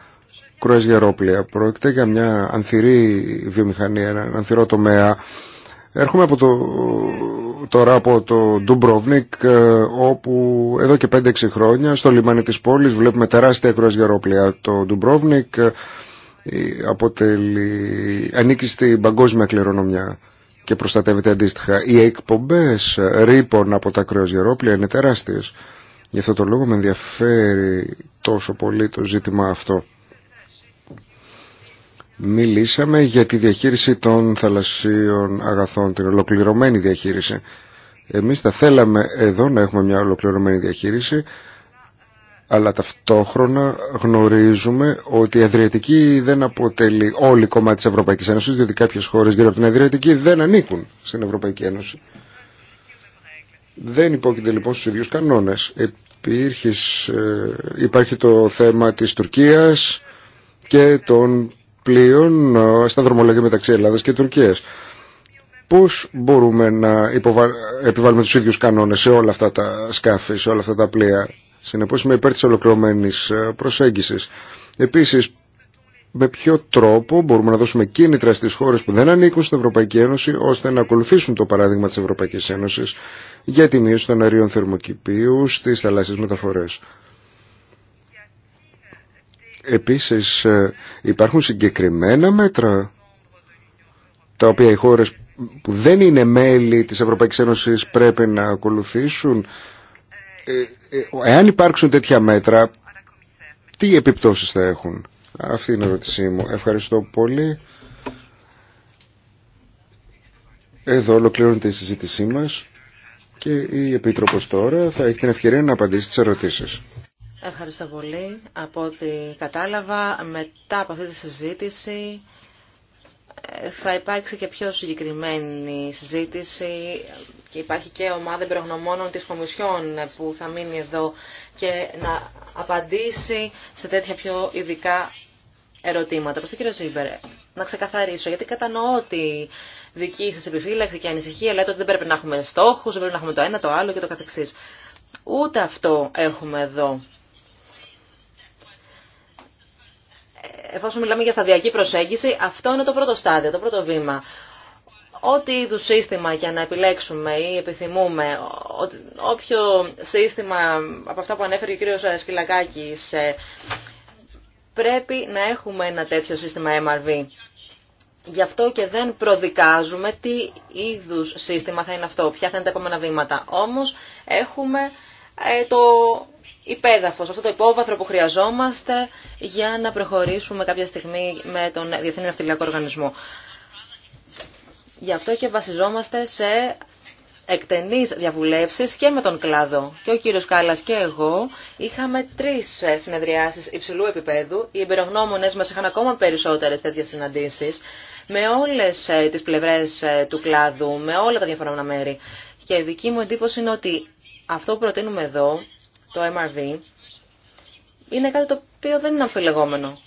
κρουαζιερόπλαια. Πρόκειται για μια ανθυρή βιομηχανία, ένα ανθυρό τομέα Έρχομαι από το, τώρα από το Ντουμπρόβνικ ε, όπου εδώ και 5-6 χρόνια στο λιμάνι της πόλης βλέπουμε τεράστια κρουαζιερόπλια. Το Ντουμπρόβνικ ε, αποτελεί, ανήκει στην παγκόσμια κληρονομιά και προστατεύεται αντίστοιχα. Οι εκπομπές ρήπων από τα κρουαζιερόπλια είναι τεράστιες. Γι' αυτό το λόγο με ενδιαφέρει τόσο πολύ το ζήτημα αυτό. Μιλήσαμε για τη διαχείριση των θαλασσίων αγαθών, την ολοκληρωμένη διαχείριση. Εμείς θα θέλαμε εδώ να έχουμε μια ολοκληρωμένη διαχείριση, αλλά ταυτόχρονα γνωρίζουμε ότι η Αδριατική δεν αποτελεί όλη κομμάτι της Ευρωπαϊκής Ένωσης, διότι κάποιες χώρες γύρω από την Αδριατική δεν ανήκουν στην Ευρωπαϊκή Ένωση. Δεν υπόκειται λοιπόν στους ίδιους κανόνες. Ε, υπάρχει το θέμα της Τουρκίας και των πλοίων στα δρομολόγια μεταξύ Ελλάδα και Τουρκίας. Πώς μπορούμε να υποβα... επιβάλλουμε τους ίδιους κανόνες σε όλα αυτά τα σκάφη, σε όλα αυτά τα πλοία. Συνεπώς είμαι υπέρ της ολοκληρωμένης προσέγγισης. Επίσης, με ποιο τρόπο μπορούμε να δώσουμε κίνητρα στις χώρες που δεν ανήκουν στην Ευρωπαϊκή Ένωση ώστε να ακολουθήσουν το παράδειγμα της Ευρωπαϊκής Ένωσης για τη μείωση των αερίων θερμοκηπίου στις θαλάσσιες μεταφορές. Επίσης ε, υπάρχουν συγκεκριμένα μέτρα τα οποία οι χώρες που δεν είναι μέλη της Ευρωπαϊκής Ένωσης πρέπει να ακολουθήσουν. Ε, ε, εάν υπάρξουν τέτοια μέτρα, τι επιπτώσεις θα έχουν. Αυτή είναι η ερώτησή μου. Ευχαριστώ πολύ. Εδώ ολοκληρώνεται η συζήτησή μας και η Επίτροπος τώρα θα έχει την ευκαιρία να απαντήσει τις ερωτήσεις. Ευχαριστώ πολύ. Από ό,τι κατάλαβα, μετά από αυτή τη συζήτηση ε, θα υπάρξει και πιο συγκεκριμένη συζήτηση και υπάρχει και ομάδα υπερογνωμόνων της Κομισιόν που θα μείνει εδώ και να απαντήσει σε τέτοια πιο ειδικά ερωτήματα. Προς τον κύριο Ζήμπερ, να ξεκαθαρίσω, γιατί κατανοώ ότι δική σας επιφύλαξη και ανησυχία λέτε ότι δεν πρέπει να έχουμε στόχους, δεν πρέπει να έχουμε το ένα, το άλλο και το καθεξής. Ούτε αυτό έχουμε εδώ. εφόσον μιλάμε για σταδιακή προσέγγιση, αυτό είναι το πρώτο στάδιο, το πρώτο βήμα. Ό,τι είδου σύστημα για να επιλέξουμε ή επιθυμούμε, όποιο σύστημα από αυτά που ανέφερε ο κύριος Σκυλακάκης, ε, πρέπει να έχουμε ένα τέτοιο σύστημα MRV. Γι' αυτό και δεν προδικάζουμε τι είδους σύστημα θα είναι αυτό, ποια θα είναι τα επόμενα βήματα. Όμως έχουμε ε, το υπέδαφος, αυτό το υπόβαθρο που χρειαζόμαστε για να προχωρήσουμε κάποια στιγμή με τον Διεθνή Ναυτιλιακό Οργανισμό. Γι' αυτό και βασιζόμαστε σε εκτενείς διαβουλεύσεις και με τον κλάδο. Και ο κύριος Κάλλας και εγώ είχαμε τρεις συνεδριάσεις υψηλού επίπεδου. Οι εμπειρογνώμονες μας είχαν ακόμα περισσότερες τέτοιες συναντήσεις με όλες ε, τις πλευρές ε, του κλάδου, με όλα τα διαφορετικά μέρη. Και η δική μου εντύπωση είναι ότι αυτό που προτείνουμε εδώ το MRV, είναι κάτι το οποίο δεν είναι αμφιλεγόμενο.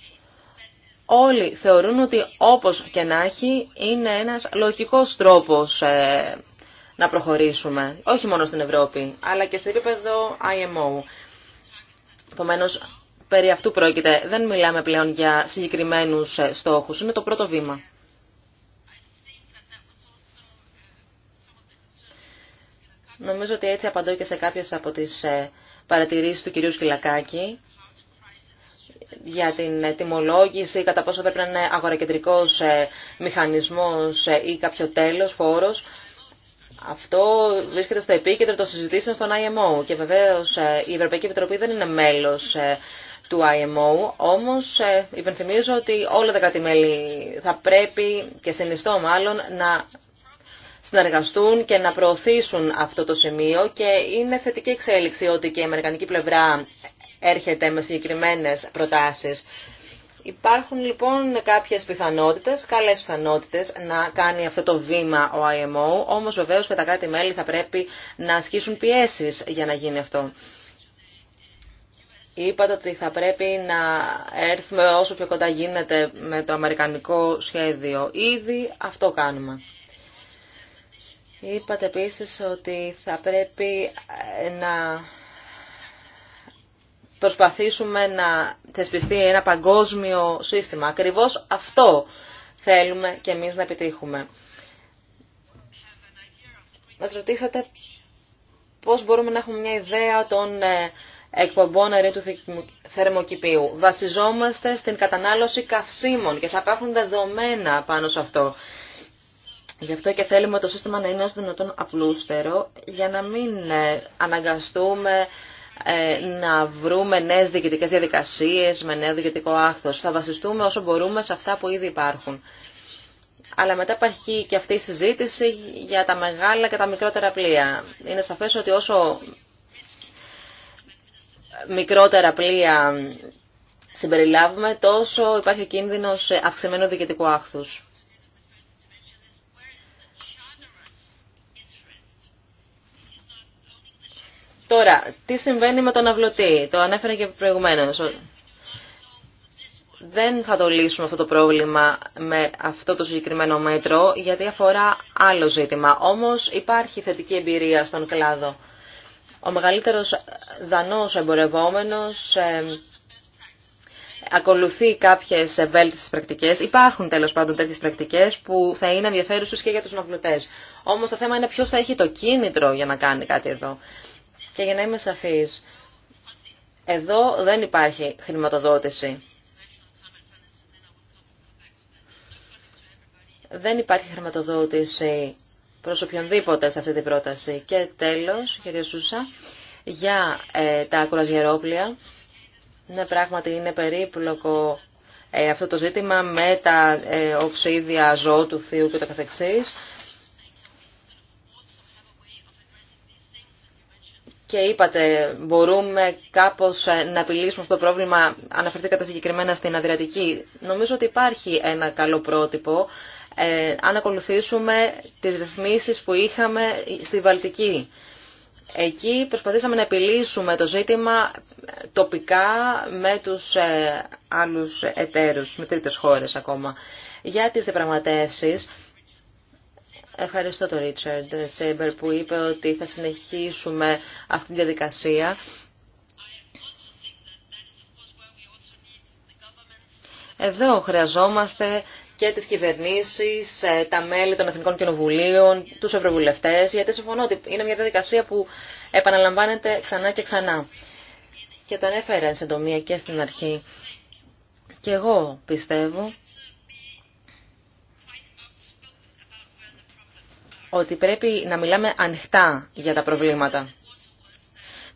Όλοι θεωρούν ότι όπως και να έχει είναι ένας λογικός τρόπος ε, να προχωρήσουμε, όχι μόνο στην Ευρώπη, αλλά και σε επίπεδο IMO. Επομένω, περί αυτού πρόκειται. Δεν μιλάμε πλέον για συγκεκριμένους ε, στόχους. Είναι το πρώτο βήμα. Νομίζω ότι έτσι απαντώ και σε κάποιες από τις ε, Παρατηρήσει του κυρίου Σκυλακάκη για την τιμολόγηση, κατά πόσο πρέπει να είναι αγορακεντρικός ε, μηχανισμός ε, ή κάποιο τέλος, φόρος. Αυτό βρίσκεται στο επίκεντρο των συζητήσεων στον IMO και βεβαίως ε, η Ευρωπαϊκή Επιτροπή δεν είναι μέλος του IMO, όμως υπενθυμίζω ότι όλα τα κράτη-μέλη θα πρέπει και συνιστώ μάλλον να συνεργαστούν και να προωθήσουν αυτό το σημείο και είναι θετική εξέλιξη ότι και η Αμερικανική πλευρά έρχεται με συγκεκριμένε προτάσεις. Υπάρχουν λοιπόν κάποιες πιθανότητες, καλές πιθανότητες να κάνει αυτό το βήμα ο IMO, όμως βεβαίως με τα κράτη-μέλη θα πρέπει να ασκήσουν πιέσεις για να γίνει αυτό. Είπατε ότι θα πρέπει να έρθουμε όσο πιο κοντά γίνεται με το αμερικανικό σχέδιο. Ήδη αυτό κάνουμε. Είπατε επίσης ότι θα πρέπει ε, να προσπαθήσουμε να θεσπιστεί ένα παγκόσμιο σύστημα. Ακριβώς αυτό θέλουμε και εμείς να επιτύχουμε. Μας ρωτήσατε πώς μπορούμε να έχουμε μια ιδέα των ε, εκπομπών αερίου του θερμοκηπίου. Βασιζόμαστε στην κατανάλωση καυσίμων και θα υπάρχουν δεδομένα πάνω σε αυτό. Γι' αυτό και θέλουμε το σύστημα να είναι όσο δυνατόν απλούστερο για να μην ε, αναγκαστούμε ε, να βρούμε νέε διοικητικέ διαδικασίες με νέο διοικητικό άχθος. Θα βασιστούμε όσο μπορούμε σε αυτά που ήδη υπάρχουν. Αλλά μετά υπάρχει και αυτή η συζήτηση για τα μεγάλα και τα μικρότερα πλοία. Είναι σαφές ότι όσο μικρότερα πλοία συμπεριλάβουμε, τόσο υπάρχει κίνδυνο κίνδυνος αυξημένου διοικητικού άχθους. Τώρα, τι συμβαίνει με τον αυλωτή. Το ανέφερα και προηγουμένω. Δεν θα το λύσουμε αυτό το πρόβλημα με αυτό το συγκεκριμένο μέτρο, γιατί αφορά άλλο ζήτημα. Όμως υπάρχει θετική εμπειρία στον κλάδο. Ο μεγαλύτερος δανός εμπορευόμενος ε, ακολουθεί κάποιες ευέλτιστες πρακτικές. Υπάρχουν τέλος πάντων τέτοιες πρακτικές που θα είναι ενδιαφέρουσες και για τους ναυλωτές. Όμως το θέμα είναι ποιος θα έχει το κίνητρο για να κάνει κάτι εδώ. Και για να είμαι σαφής, εδώ δεν υπάρχει χρηματοδότηση. Δεν υπάρχει χρηματοδότηση προς οποιονδήποτε σε αυτή την πρόταση. Και τέλος, κύριε Σούσα, για ε, τα κουραζιερόπλια. Ναι, πράγματι είναι περίπλοκο ε, αυτό το ζήτημα με τα ε, οξύδια ζώου του θείου και το καθεξής. και είπατε μπορούμε κάπως ε, να επιλύσουμε αυτό το πρόβλημα, αναφερθήκατε συγκεκριμένα στην Αδριατική. Νομίζω ότι υπάρχει ένα καλό πρότυπο ε, αν ακολουθήσουμε τις ρυθμίσεις που είχαμε στη Βαλτική. Εκεί προσπαθήσαμε να επιλύσουμε το ζήτημα τοπικά με τους ε, άλλους εταίρους, με τρίτες χώρες ακόμα. Για τις διαπραγματεύσεις Ευχαριστώ τον Ρίτσαρντ Σέιμπερ που είπε ότι θα συνεχίσουμε αυτή τη διαδικασία. Εδώ χρειαζόμαστε και τις κυβερνήσεις, ε, τα μέλη των Εθνικών Κοινοβουλίων, τους Ευρωβουλευτές, γιατί συμφωνώ ότι είναι μια διαδικασία που επαναλαμβάνεται ξανά και ξανά. Και τον ανέφερα εν συντομία και στην αρχή. Και εγώ πιστεύω ότι πρέπει να μιλάμε ανοιχτά για τα προβλήματα.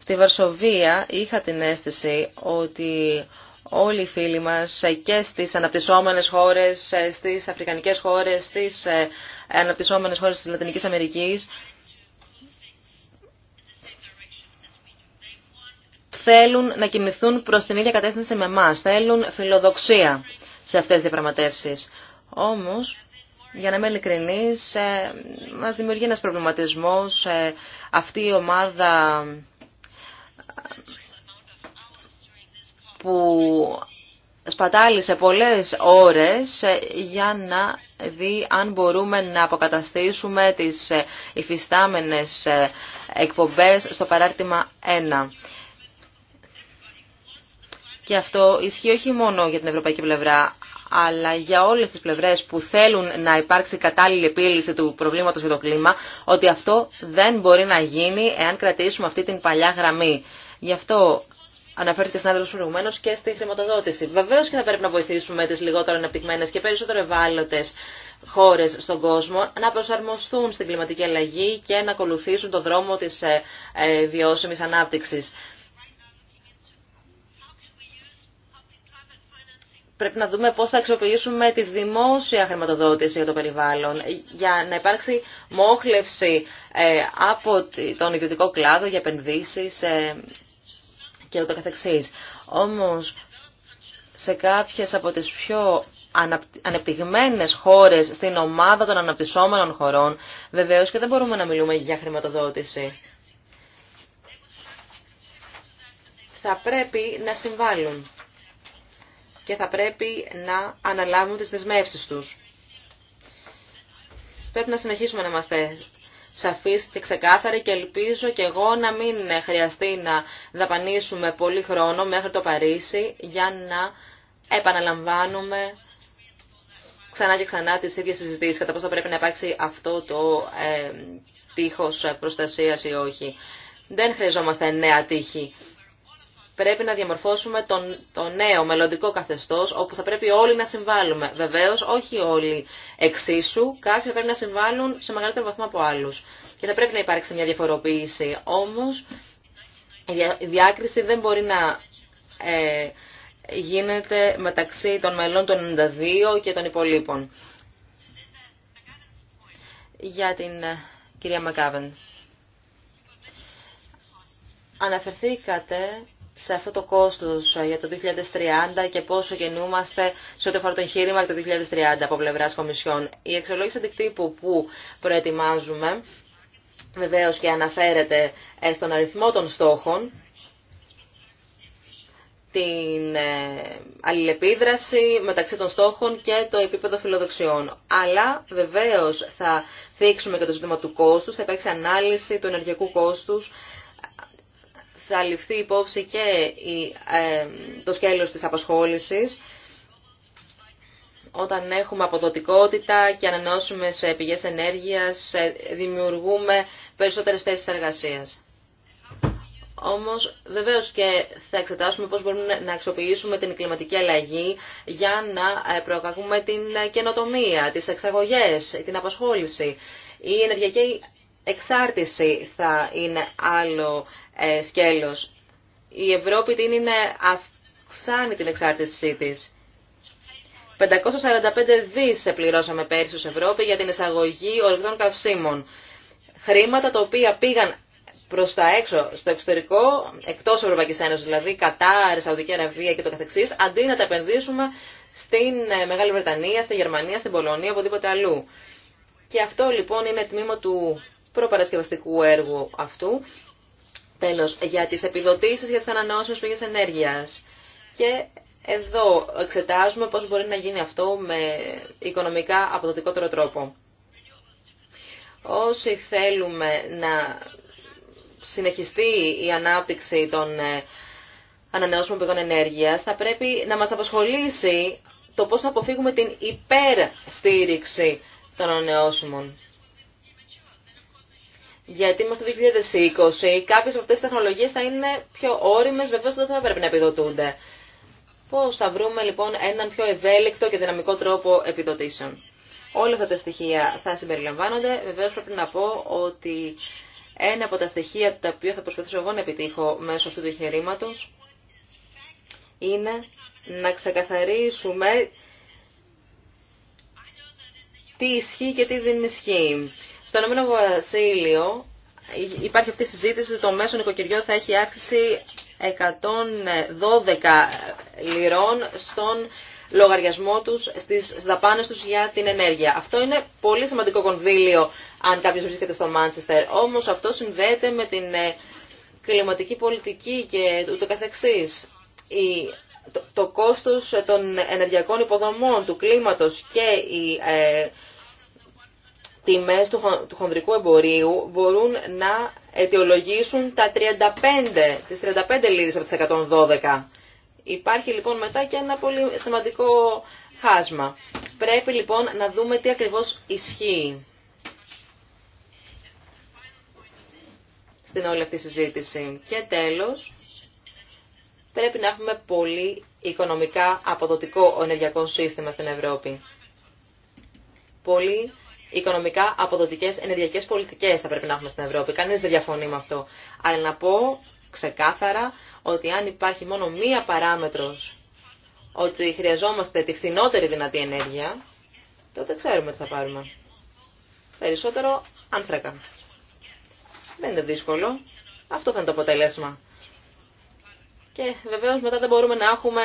Στη Βαρσοβία είχα την αίσθηση ότι όλοι οι φίλοι μας ε, και στις αναπτυσσόμενες χώρες, ε, στις αφρικανικές χώρες, στις ε, αναπτυσσόμενες χώρες της Λατινικής Αμερικής θέλουν να κινηθούν προς την ίδια κατεύθυνση με εμά. θέλουν φιλοδοξία σε αυτές τις διαπραγματεύσεις. Όμως, για να είμαι ειλικρινής, ε, μας δημιουργεί ένας προβληματισμός. Ε, αυτή η ομάδα ε, που σπατάλησε πολλές ώρες για να δει αν μπορούμε να αποκαταστήσουμε τις υφιστάμενες εκπομπές στο παράρτημα 1. Και αυτό ισχύει όχι μόνο για την ευρωπαϊκή πλευρά, αλλά για όλε τι πλευρέ που θέλουν να υπάρξει κατάλληλη επίλυση του προβλήματο για το κλίμα, ότι αυτό δεν μπορεί να γίνει εάν κρατήσουμε αυτή την παλιά γραμμή. Γι' αυτό αναφέρθηκε συνάδελφο προηγουμένω και στη χρηματοδότηση. Βεβαίω και θα πρέπει να βοηθήσουμε τι λιγότερο αναπτυγμένε και περισσότερο ευάλωτε χώρε στον κόσμο να προσαρμοστούν στην κλιματική αλλαγή και να ακολουθήσουν τον δρόμο τη ε, ε, βιώσιμη ανάπτυξη. πρέπει να δούμε πώς θα αξιοποιήσουμε τη δημόσια χρηματοδότηση για το περιβάλλον για να υπάρξει μόχλευση ε, από τον ιδιωτικό κλάδο για επενδύσεις ε, και ούτω καθεξής. Όμως, σε κάποιες από τις πιο ανεπτυγμένες χώρες στην ομάδα των αναπτυσσόμενων χωρών, βεβαίως και δεν μπορούμε να μιλούμε για χρηματοδότηση. Θα πρέπει να συμβάλλουν και θα πρέπει να αναλάβουν τις δεσμεύσεις τους. Πρέπει να συνεχίσουμε να είμαστε σαφείς και ξεκάθαροι και ελπίζω και εγώ να μην χρειαστεί να δαπανίσουμε πολύ χρόνο μέχρι το Παρίσι για να επαναλαμβάνουμε ξανά και ξανά τις ίδιες συζητήσεις κατά πώς θα πρέπει να υπάρξει αυτό το ε, τείχος προστασίας ή όχι. Δεν χρειαζόμαστε νέα τείχη πρέπει να διαμορφώσουμε τον, το νέο μελλοντικό καθεστώς όπου θα πρέπει όλοι να συμβάλλουμε. Βεβαίως, όχι όλοι εξίσου, κάποιοι θα πρέπει να συμβάλλουν σε μεγαλύτερο βαθμό από άλλους. Και θα πρέπει να υπάρξει μια διαφοροποίηση. Όμως, η διάκριση δεν μπορεί να ε, γίνεται μεταξύ των μελών των 92 και των υπολείπων. Για την ε, κυρία Μακάβεν. Αναφερθήκατε σε αυτό το κόστος ε, για το 2030 και πόσο γεννούμαστε σε ό,τι αφορά το εγχείρημα το 2030 από πλευρά Κομισιόν. Η εξολόγηση αντικτύπου που προετοιμάζουμε βεβαίως και αναφέρεται ε, στον αριθμό των στόχων, την ε, αλληλεπίδραση μεταξύ των στόχων και το επίπεδο φιλοδοξιών. Αλλά βεβαίως θα θίξουμε και το ζήτημα του κόστους, θα υπάρξει ανάλυση του ενεργειακού κόστους θα ληφθεί υπόψη και το σκέλος της απασχόλησης όταν έχουμε αποδοτικότητα και ανανεώσουμε σε πηγές ενέργειας, ε, δημιουργούμε περισσότερες θέσεις εργασίας. Όμως βεβαίως και θα εξετάσουμε πώς μπορούμε να αξιοποιήσουμε την κλιματική αλλαγή για να ε, προκαλούμε την καινοτομία, τις εξαγωγές, την απασχόληση. Η ενεργειακή εξάρτηση θα είναι άλλο ε, σκέλος. Η Ευρώπη την είναι, αυξάνει την εξάρτησή της. 545 δις πληρώσαμε πέρσι ως Ευρώπη για την εισαγωγή ορεικτών καυσίμων. Χρήματα τα οποία πήγαν προς τα έξω, στο εξωτερικό, εκτός Ευρωπαϊκής Ένωσης, δηλαδή Κατάρ, Σαουδική Αραβία και το καθεξής, αντί να τα επενδύσουμε στην ε, Μεγάλη Βρετανία, στη Γερμανία, στην Πολωνία, οπουδήποτε αλλού. Και αυτό λοιπόν είναι τμήμα του προπαρασκευαστικού έργου αυτού. Τέλος, για τις επιδοτήσεις για τις ανανεώσιμες πηγές ενέργειας. Και εδώ εξετάζουμε πώς μπορεί να γίνει αυτό με οικονομικά αποδοτικότερο τρόπο. Όσοι θέλουμε να συνεχιστεί η ανάπτυξη των ε, ανανεώσιμων πηγών ενέργειας, θα πρέπει να μας απασχολήσει το πώς θα αποφύγουμε την υπερστήριξη των ανανεώσιμων. Γιατί μέχρι το 2020 κάποιες από αυτές τις τεχνολογίες θα είναι πιο όριμες, βεβαίω δεν θα πρέπει να επιδοτούνται. Πώς θα βρούμε λοιπόν έναν πιο ευέλικτο και δυναμικό τρόπο επιδοτήσεων. Όλα αυτά τα στοιχεία θα συμπεριλαμβάνονται. Βεβαίω πρέπει να πω ότι ένα από τα στοιχεία τα οποία θα προσπαθήσω εγώ να επιτύχω μέσω αυτού του εγχειρήματο είναι να ξεκαθαρίσουμε τι ισχύει και τι δεν ισχύει. Στο Ηνωμένο Βασίλειο υπάρχει αυτή η συζήτηση ότι το μέσο νοικοκυριό θα έχει αύξηση 112 λιρών στον λογαριασμό τους στις δαπάνες τους για την ενέργεια. Αυτό είναι πολύ σημαντικό κονδύλιο αν κάποιος βρίσκεται στο Μάντσεστερ. Όμως αυτό συνδέεται με την ε, κλιματική πολιτική και ούτω καθεξής. Η, το, το κόστος των ενεργειακών υποδομών, του κλίματος και η ε, τιμές του, του χονδρικού εμπορίου μπορούν να αιτιολογήσουν τα 35, τις 35 λίρες από τις 112. Υπάρχει λοιπόν μετά και ένα πολύ σημαντικό χάσμα. Πρέπει λοιπόν να δούμε τι ακριβώς ισχύει στην όλη αυτή τη συζήτηση. Και τέλος, πρέπει να έχουμε πολύ οικονομικά αποδοτικό ενεργειακό σύστημα στην Ευρώπη. Πολύ οικονομικά αποδοτικές ενεργειακές πολιτικές θα πρέπει να έχουμε στην Ευρώπη. Κανείς δεν διαφωνεί με αυτό. Αλλά να πω ξεκάθαρα ότι αν υπάρχει μόνο μία παράμετρος ότι χρειαζόμαστε τη φθηνότερη δυνατή ενέργεια, τότε ξέρουμε τι θα πάρουμε. Περισσότερο άνθρακα. Δεν είναι δύσκολο. Αυτό θα είναι το αποτέλεσμα. Και βεβαίως μετά δεν μπορούμε να έχουμε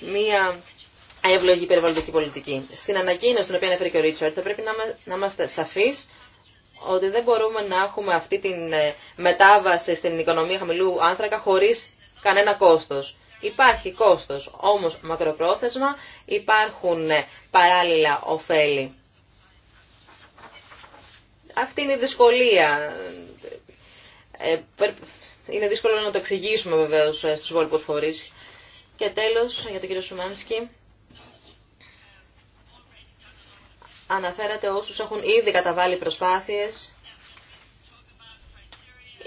μία εύλογη περιβαλλοντική πολιτική. Στην ανακοίνωση την οποία ανέφερε και ο Ρίτσαρτ, θα πρέπει να είμαστε σαφείς ότι δεν μπορούμε να έχουμε αυτή τη ε, μετάβαση στην οικονομία χαμηλού άνθρακα χωρίς κανένα κόστος. Υπάρχει κόστος, όμως μακροπρόθεσμα υπάρχουν ε, παράλληλα ωφέλη. Αυτή είναι η δυσκολία. Ε, είναι δύσκολο να το εξηγήσουμε βεβαίω στου υπόλοιπου φορεί. Και τέλο για τον κύριο Σουμάνσκι αναφέρατε όσους έχουν ήδη καταβάλει προσπάθειες.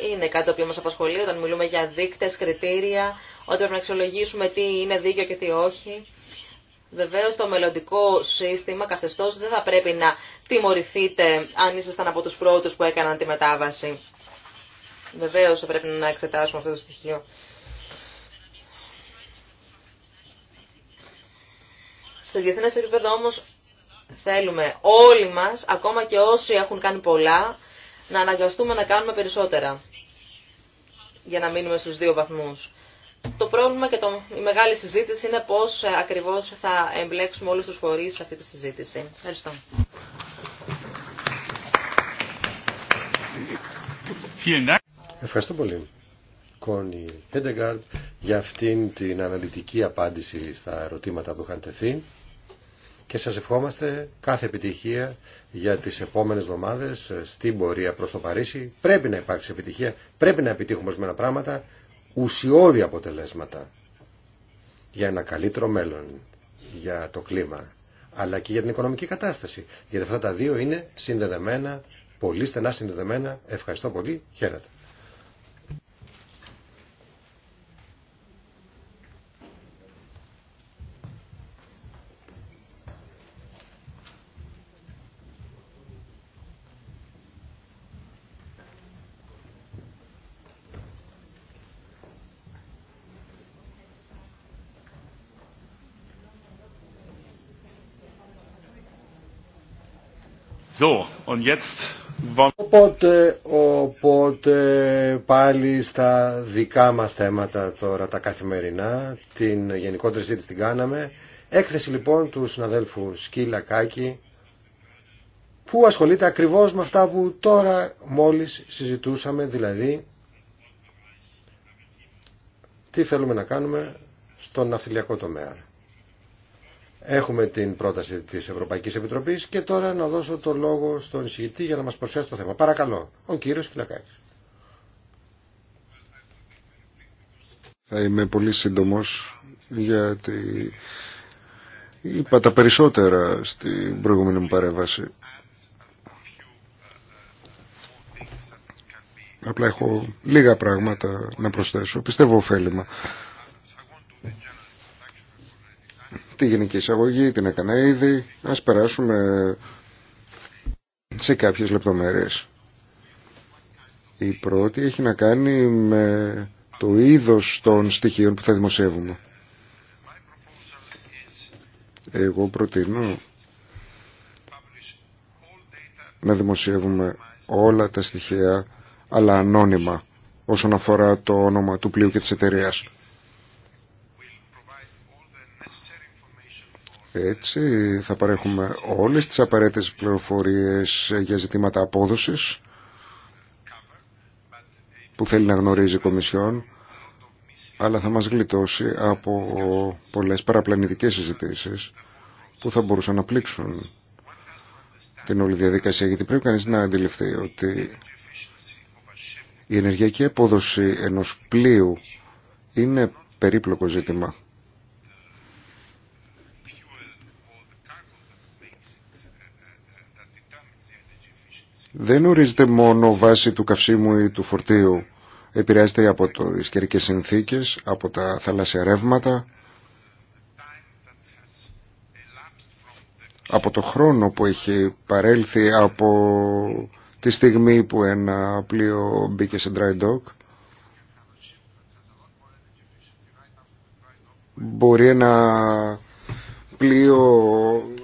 Είναι κάτι το οποίο μας απασχολεί όταν μιλούμε για δείκτες, κριτήρια, ότι πρέπει να αξιολογήσουμε τι είναι δίκαιο και τι όχι. Βεβαίω το μελλοντικό σύστημα καθεστώ δεν θα πρέπει να τιμωρηθείτε αν ήσασταν από του πρώτου που έκαναν τη μετάβαση. Βεβαίω θα πρέπει να εξετάσουμε αυτό το στοιχείο. Σε διεθνέ επίπεδο όμω θέλουμε όλοι μας, ακόμα και όσοι έχουν κάνει πολλά, να αναγκαστούμε να κάνουμε περισσότερα για να μείνουμε στους δύο βαθμούς. Το πρόβλημα και το, η μεγάλη συζήτηση είναι πώς ε, ακριβώς θα εμπλέξουμε όλους τους φορείς σε αυτή τη συζήτηση. Ευχαριστώ. Ευχαριστώ πολύ, Κόνη Χέντεγκαρντ, για αυτήν την αναλυτική απάντηση στα ερωτήματα που είχαν τεθεί και σας ευχόμαστε κάθε επιτυχία για τις επόμενες εβδομάδες ε, στην πορεία προς το Παρίσι. Πρέπει να υπάρξει επιτυχία, πρέπει να επιτύχουμε ορισμένα πράγματα, ουσιώδη αποτελέσματα για ένα καλύτερο μέλλον, για το κλίμα, αλλά και για την οικονομική κατάσταση. Γιατί αυτά τα δύο είναι συνδεδεμένα, πολύ στενά συνδεδεμένα. Ευχαριστώ πολύ. Χαίρετε. Οπότε, οπότε πάλι στα δικά μας θέματα τώρα τα καθημερινά, την γενικότερη συζήτηση την κάναμε. Έκθεση λοιπόν του συναδέλφου Σκύλα Κάκη που ασχολείται ακριβώς με αυτά που τώρα μόλις συζητούσαμε, δηλαδή τι θέλουμε να κάνουμε στον ναυτιλιακό τομέα. Έχουμε την πρόταση της Ευρωπαϊκής Επιτροπής και τώρα να δώσω το λόγο στον εισηγητή για να μας προσθέσει το θέμα. Παρακαλώ, ο κύριος Κυλακάκης. Θα είμαι πολύ σύντομος γιατί είπα τα περισσότερα στην προηγούμενη μου παρέμβαση. Απλά έχω λίγα πράγματα να προσθέσω. Πιστεύω ωφέλιμα. Τη γενική εισαγωγή την έκανα ήδη. Ας περάσουμε σε κάποιες λεπτομέρειες. Η πρώτη έχει να κάνει με το είδος των στοιχείων που θα δημοσιεύουμε. Εγώ προτείνω να δημοσιεύουμε όλα τα στοιχεία αλλά ανώνυμα όσον αφορά το όνομα του πλοίου και της εταιρείας. Έτσι θα παρέχουμε όλες τις απαραίτητες πληροφορίες για ζητήματα απόδοσης που θέλει να γνωρίζει η Κομισιόν αλλά θα μας γλιτώσει από πολλές παραπλανητικές συζητήσεις που θα μπορούσαν να πλήξουν την όλη διαδικασία γιατί πρέπει κανείς να αντιληφθεί ότι η ενεργειακή απόδοση ενός πλοίου είναι περίπλοκο ζήτημα δεν ορίζεται μόνο βάση του καυσίμου ή του φορτίου. Επηρεάζεται από τις καιρικές συνθήκες, από τα θαλάσσια ρεύματα, από το χρόνο που έχει παρέλθει από τη στιγμή που ένα πλοίο μπήκε σε dry dock. Μπορεί ένα πλοίο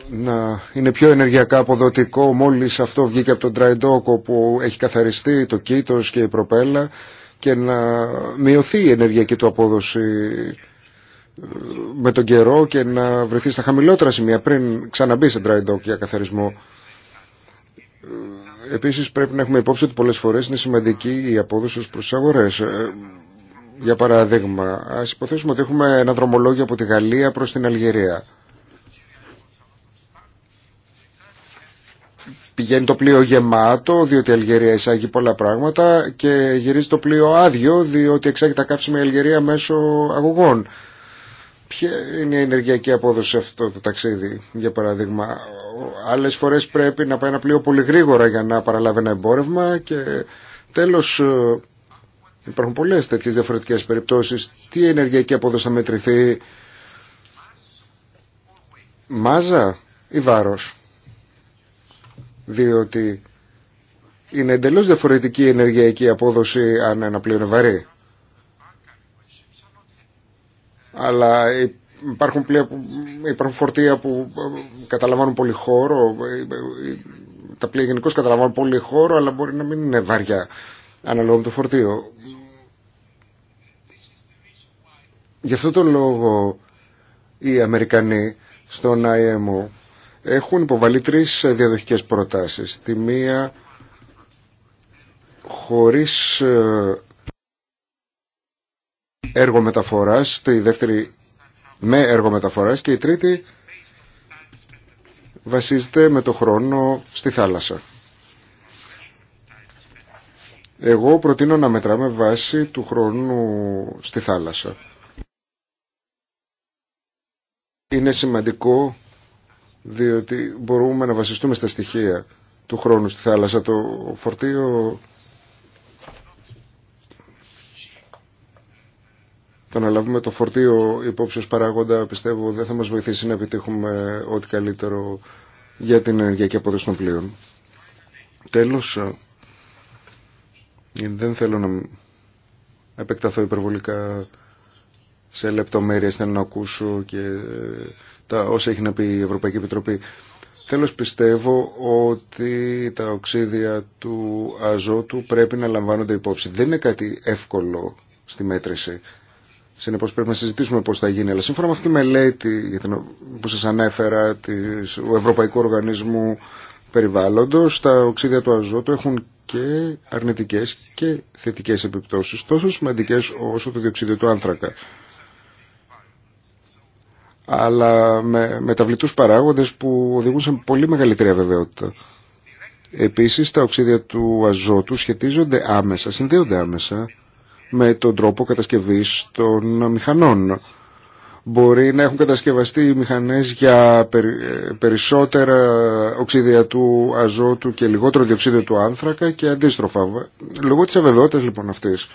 να είναι πιο ενεργειακά αποδοτικό μόλις αυτό βγήκε από τον dry όπου έχει καθαριστεί το κήτος και η προπέλα και να μειωθεί η ενεργειακή του απόδοση ε, με τον καιρό και να βρεθεί στα χαμηλότερα σημεία πριν ξαναμπεί σε dry dock για καθαρισμό. Ε, επίσης πρέπει να έχουμε υπόψη ότι πολλές φορές είναι σημαντική η απόδοση ως προς τις αγορές. Ε, για παράδειγμα, ας υποθέσουμε ότι έχουμε ένα δρομολόγιο από τη Γαλλία προς την Αλγερία. πηγαίνει το πλοίο γεμάτο διότι η Αλγερία εισάγει πολλά πράγματα και γυρίζει το πλοίο άδειο διότι εξάγει τα κάψιμα η Αλγερία μέσω αγωγών. Ποια είναι η ενεργειακή απόδοση σε αυτό το ταξίδι, για παράδειγμα. Άλλε φορέ πρέπει να πάει ένα πλοίο πολύ γρήγορα για να παραλάβει ένα εμπόρευμα και τέλο υπάρχουν πολλέ τέτοιε διαφορετικέ περιπτώσει. Τι ενεργειακή απόδοση θα μετρηθεί, μάζα ή βάρος διότι είναι εντελώς διαφορετική η ενεργειακή απόδοση αν ένα πλοίο είναι βαρύ. Αλλά υπάρχουν, πλοία που, υπάρχουν φορτία που ε, καταλαμβάνουν πολύ χώρο, ε, ε, τα πλοία γενικώ καταλαμβάνουν πολύ χώρο, αλλά μπορεί να μην είναι βαριά αναλόγω με το φορτίο. Γι' αυτό τον λόγο οι Αμερικανοί στον IMO έχουν υποβαλεί τρεις διαδοχικές προτάσεις. Τη μία χωρίς ε, έργο μεταφοράς, τη δεύτερη με έργο μεταφοράς και η τρίτη βασίζεται με το χρόνο στη θάλασσα. Εγώ προτείνω να μετράμε βάση του χρόνου στη θάλασσα. Είναι σημαντικό διότι μπορούμε να βασιστούμε στα στοιχεία του χρόνου στη θάλασσα. Το φορτίο το να λάβουμε το φορτίο υπόψη ως παράγοντα πιστεύω δεν θα μας βοηθήσει να επιτύχουμε ό,τι καλύτερο για την ενεργειακή απόδοση των πλοίων. Τέλος, δεν θέλω να επεκταθώ υπερβολικά σε λεπτομέρειες, θέλω να ακούσω και τα όσα έχει να πει η Ευρωπαϊκή Επιτροπή. Τέλος πιστεύω ότι τα οξύδια του αζότου πρέπει να λαμβάνονται υπόψη. Δεν είναι κάτι εύκολο στη μέτρηση. Συνεπώ πρέπει να συζητήσουμε πώ θα γίνει. Αλλά σύμφωνα με αυτή τη μελέτη που σα ανέφερα του Ευρωπαϊκού Οργανισμού Περιβάλλοντο, τα οξύδια του αζότου έχουν και αρνητικέ και θετικέ επιπτώσει, τόσο σημαντικέ όσο το διοξίδιο του άνθρακα αλλά με μεταβλητούς παράγοντες που οδηγούν σε πολύ μεγαλύτερη αβεβαιότητα. Επίσης τα οξύδια του αζότου σχετίζονται άμεσα, συνδέονται άμεσα με τον τρόπο κατασκευής των μηχανών. Μπορεί να έχουν κατασκευαστεί μηχανές για ε, περισσότερα οξύδια του αζότου και λιγότερο διοξίδιο του άνθρακα και αντίστροφα. Λόγω της αβεβαιότητας λοιπόν αυτής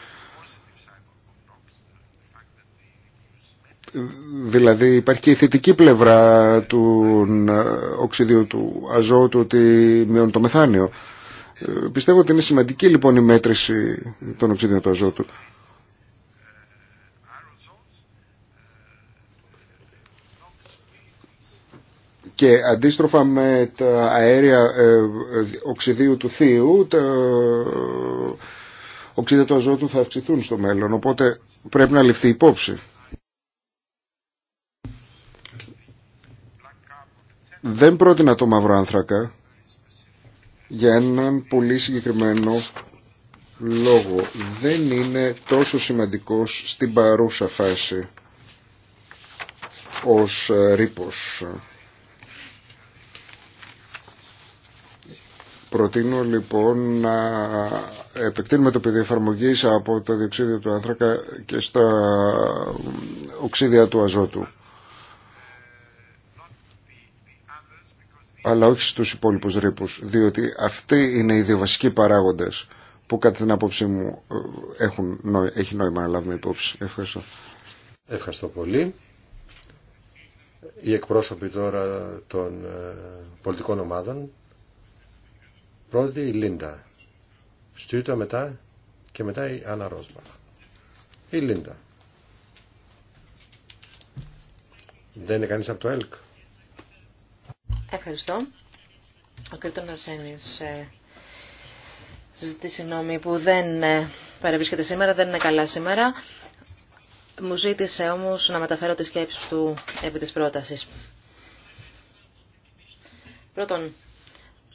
Δηλαδή υπάρχει και η θετική πλευρά του ε, οξυδίου του αζότου ότι μειώνει το μεθάνιο. Ε, πιστεύω ότι είναι σημαντική λοιπόν η μέτρηση των οξυδίων του αζότου. Και αντίστροφα με τα αέρια ε, οξυδίου του θείου, τα ε, οξύδια του αζότου θα αυξηθούν στο μέλλον. Οπότε πρέπει να ληφθεί υπόψη. Δεν πρότεινα το μαύρο άνθρακα για έναν πολύ συγκεκριμένο λόγο. Δεν είναι τόσο σημαντικός στην παρούσα φάση ως ε, ρήπος. Προτείνω λοιπόν να επεκτείνουμε το παιδί εφαρμογή από το διοξίδιο του άνθρακα και στα οξύδια του αζότου. αλλά όχι στους υπόλοιπους ρήπους, διότι αυτοί είναι οι δύο βασικοί παράγοντες που κατά την απόψη μου ε, έχουν, έχει νόημα να λάβουμε υπόψη. Ευχαριστώ. Ευχαριστώ πολύ. Οι εκπρόσωποι τώρα των ε, πολιτικών ομάδων. Πρώτη η Λίντα. Στούτα μετά και μετά η Άννα Ρόσμπαχ. Η Λίντα. Δεν είναι κανείς από το ΕΛΚ. Ευχαριστώ. Ο κ. Αρσένης ε, ζητεί συγγνώμη που δεν παρευρίσκεται σήμερα, δεν είναι καλά σήμερα. Μου ζήτησε όμως να μεταφέρω τις σκέψεις του επί της πρότασης. Πρώτον,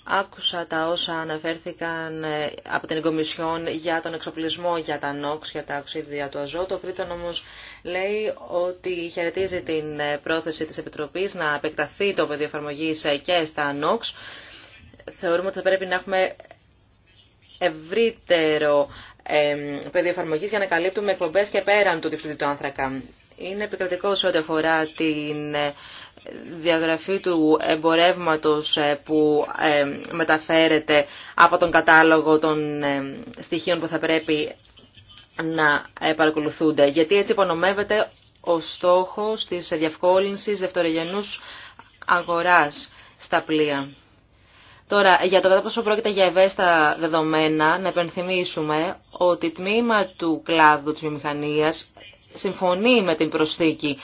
Άκουσα τα όσα αναφέρθηκαν ε, από την Κομισιόν για τον εξοπλισμό για τα νόξ, για τα οξύδια του αζότου. Ο Κρήτον όμως λέει ότι χαιρετίζει την ε, πρόθεση της Επιτροπής να επεκταθεί το πεδίο εφαρμογή ε, και στα νόξ. Θεωρούμε ότι θα πρέπει να έχουμε ευρύτερο πεδίο εφαρμογή για να καλύπτουμε εκπομπέ και πέραν του διευθυντήτου του άνθρακα. Είναι επικρατικό σε ό,τι αφορά την διαγραφή του εμπορεύματος ε, που ε, μεταφέρεται από τον κατάλογο των ε, στοιχείων που θα πρέπει να παρακολουθούνται. Γιατί έτσι υπονομεύεται ο στόχος της διευκόλυνσης δευτερογενούς αγοράς στα πλοία. Τώρα, για το κατά πόσο πρόκειται για ευαίσθητα δεδομένα, να επενθυμίσουμε ότι τμήμα του κλάδου της βιομηχανίας συμφωνεί με την προσθήκη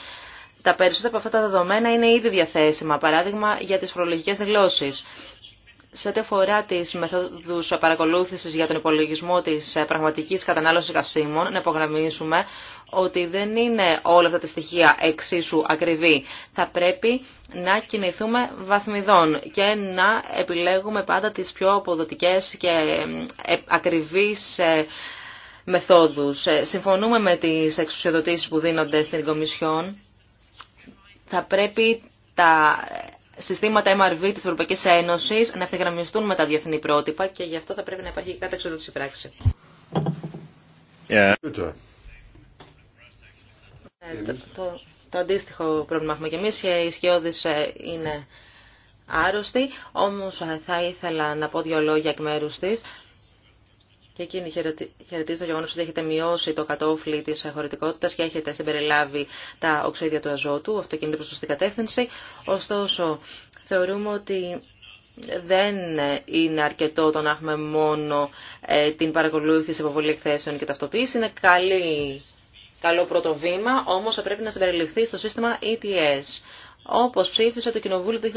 τα περισσότερα από αυτά τα δεδομένα είναι ήδη διαθέσιμα, παράδειγμα για τις προλογικές δηλώσεις. Σε ό,τι αφορά τι μεθόδου παρακολούθηση για τον υπολογισμό τη ε, πραγματική κατανάλωση καυσίμων, να υπογραμμίσουμε ότι δεν είναι όλα αυτά τα στοιχεία εξίσου ακριβή. Θα πρέπει να κινηθούμε βαθμιδών και να επιλέγουμε πάντα τι πιο αποδοτικέ και ε, ακριβεί ε, μεθόδου. Συμφωνούμε με τι εξουσιοδοτήσει που δίνονται στην Κομισιόν θα πρέπει τα συστήματα MRV της Ευρωπαϊκής Ένωσης να ευθυγραμμιστούν με τα διεθνή πρότυπα και γι' αυτό θα πρέπει να υπάρχει κάτι εξοδότηση πράξη. Ε, το, το, το, αντίστοιχο πρόβλημα έχουμε και εμείς, οι σκιώδεις ε, είναι άρρωστη, όμως ε, θα ήθελα να πω δύο λόγια εκ μέρους της. Και εκείνη χαιρετίζει το γεγονό ότι έχετε μειώσει το κατόφλι τη χωρητικότητα και έχετε συμπεριλάβει τα οξύδια του αζότου. Αυτό κινείται προ την κατεύθυνση. Ωστόσο, θεωρούμε ότι δεν είναι αρκετό το να έχουμε μόνο ε, την παρακολούθηση υποβολή εκθέσεων και ταυτοποίηση. Είναι καλή, καλό πρώτο βήμα, όμως θα πρέπει να συμπεριληφθεί στο σύστημα ETS όπως ψήφισε το Κοινοβούλιο το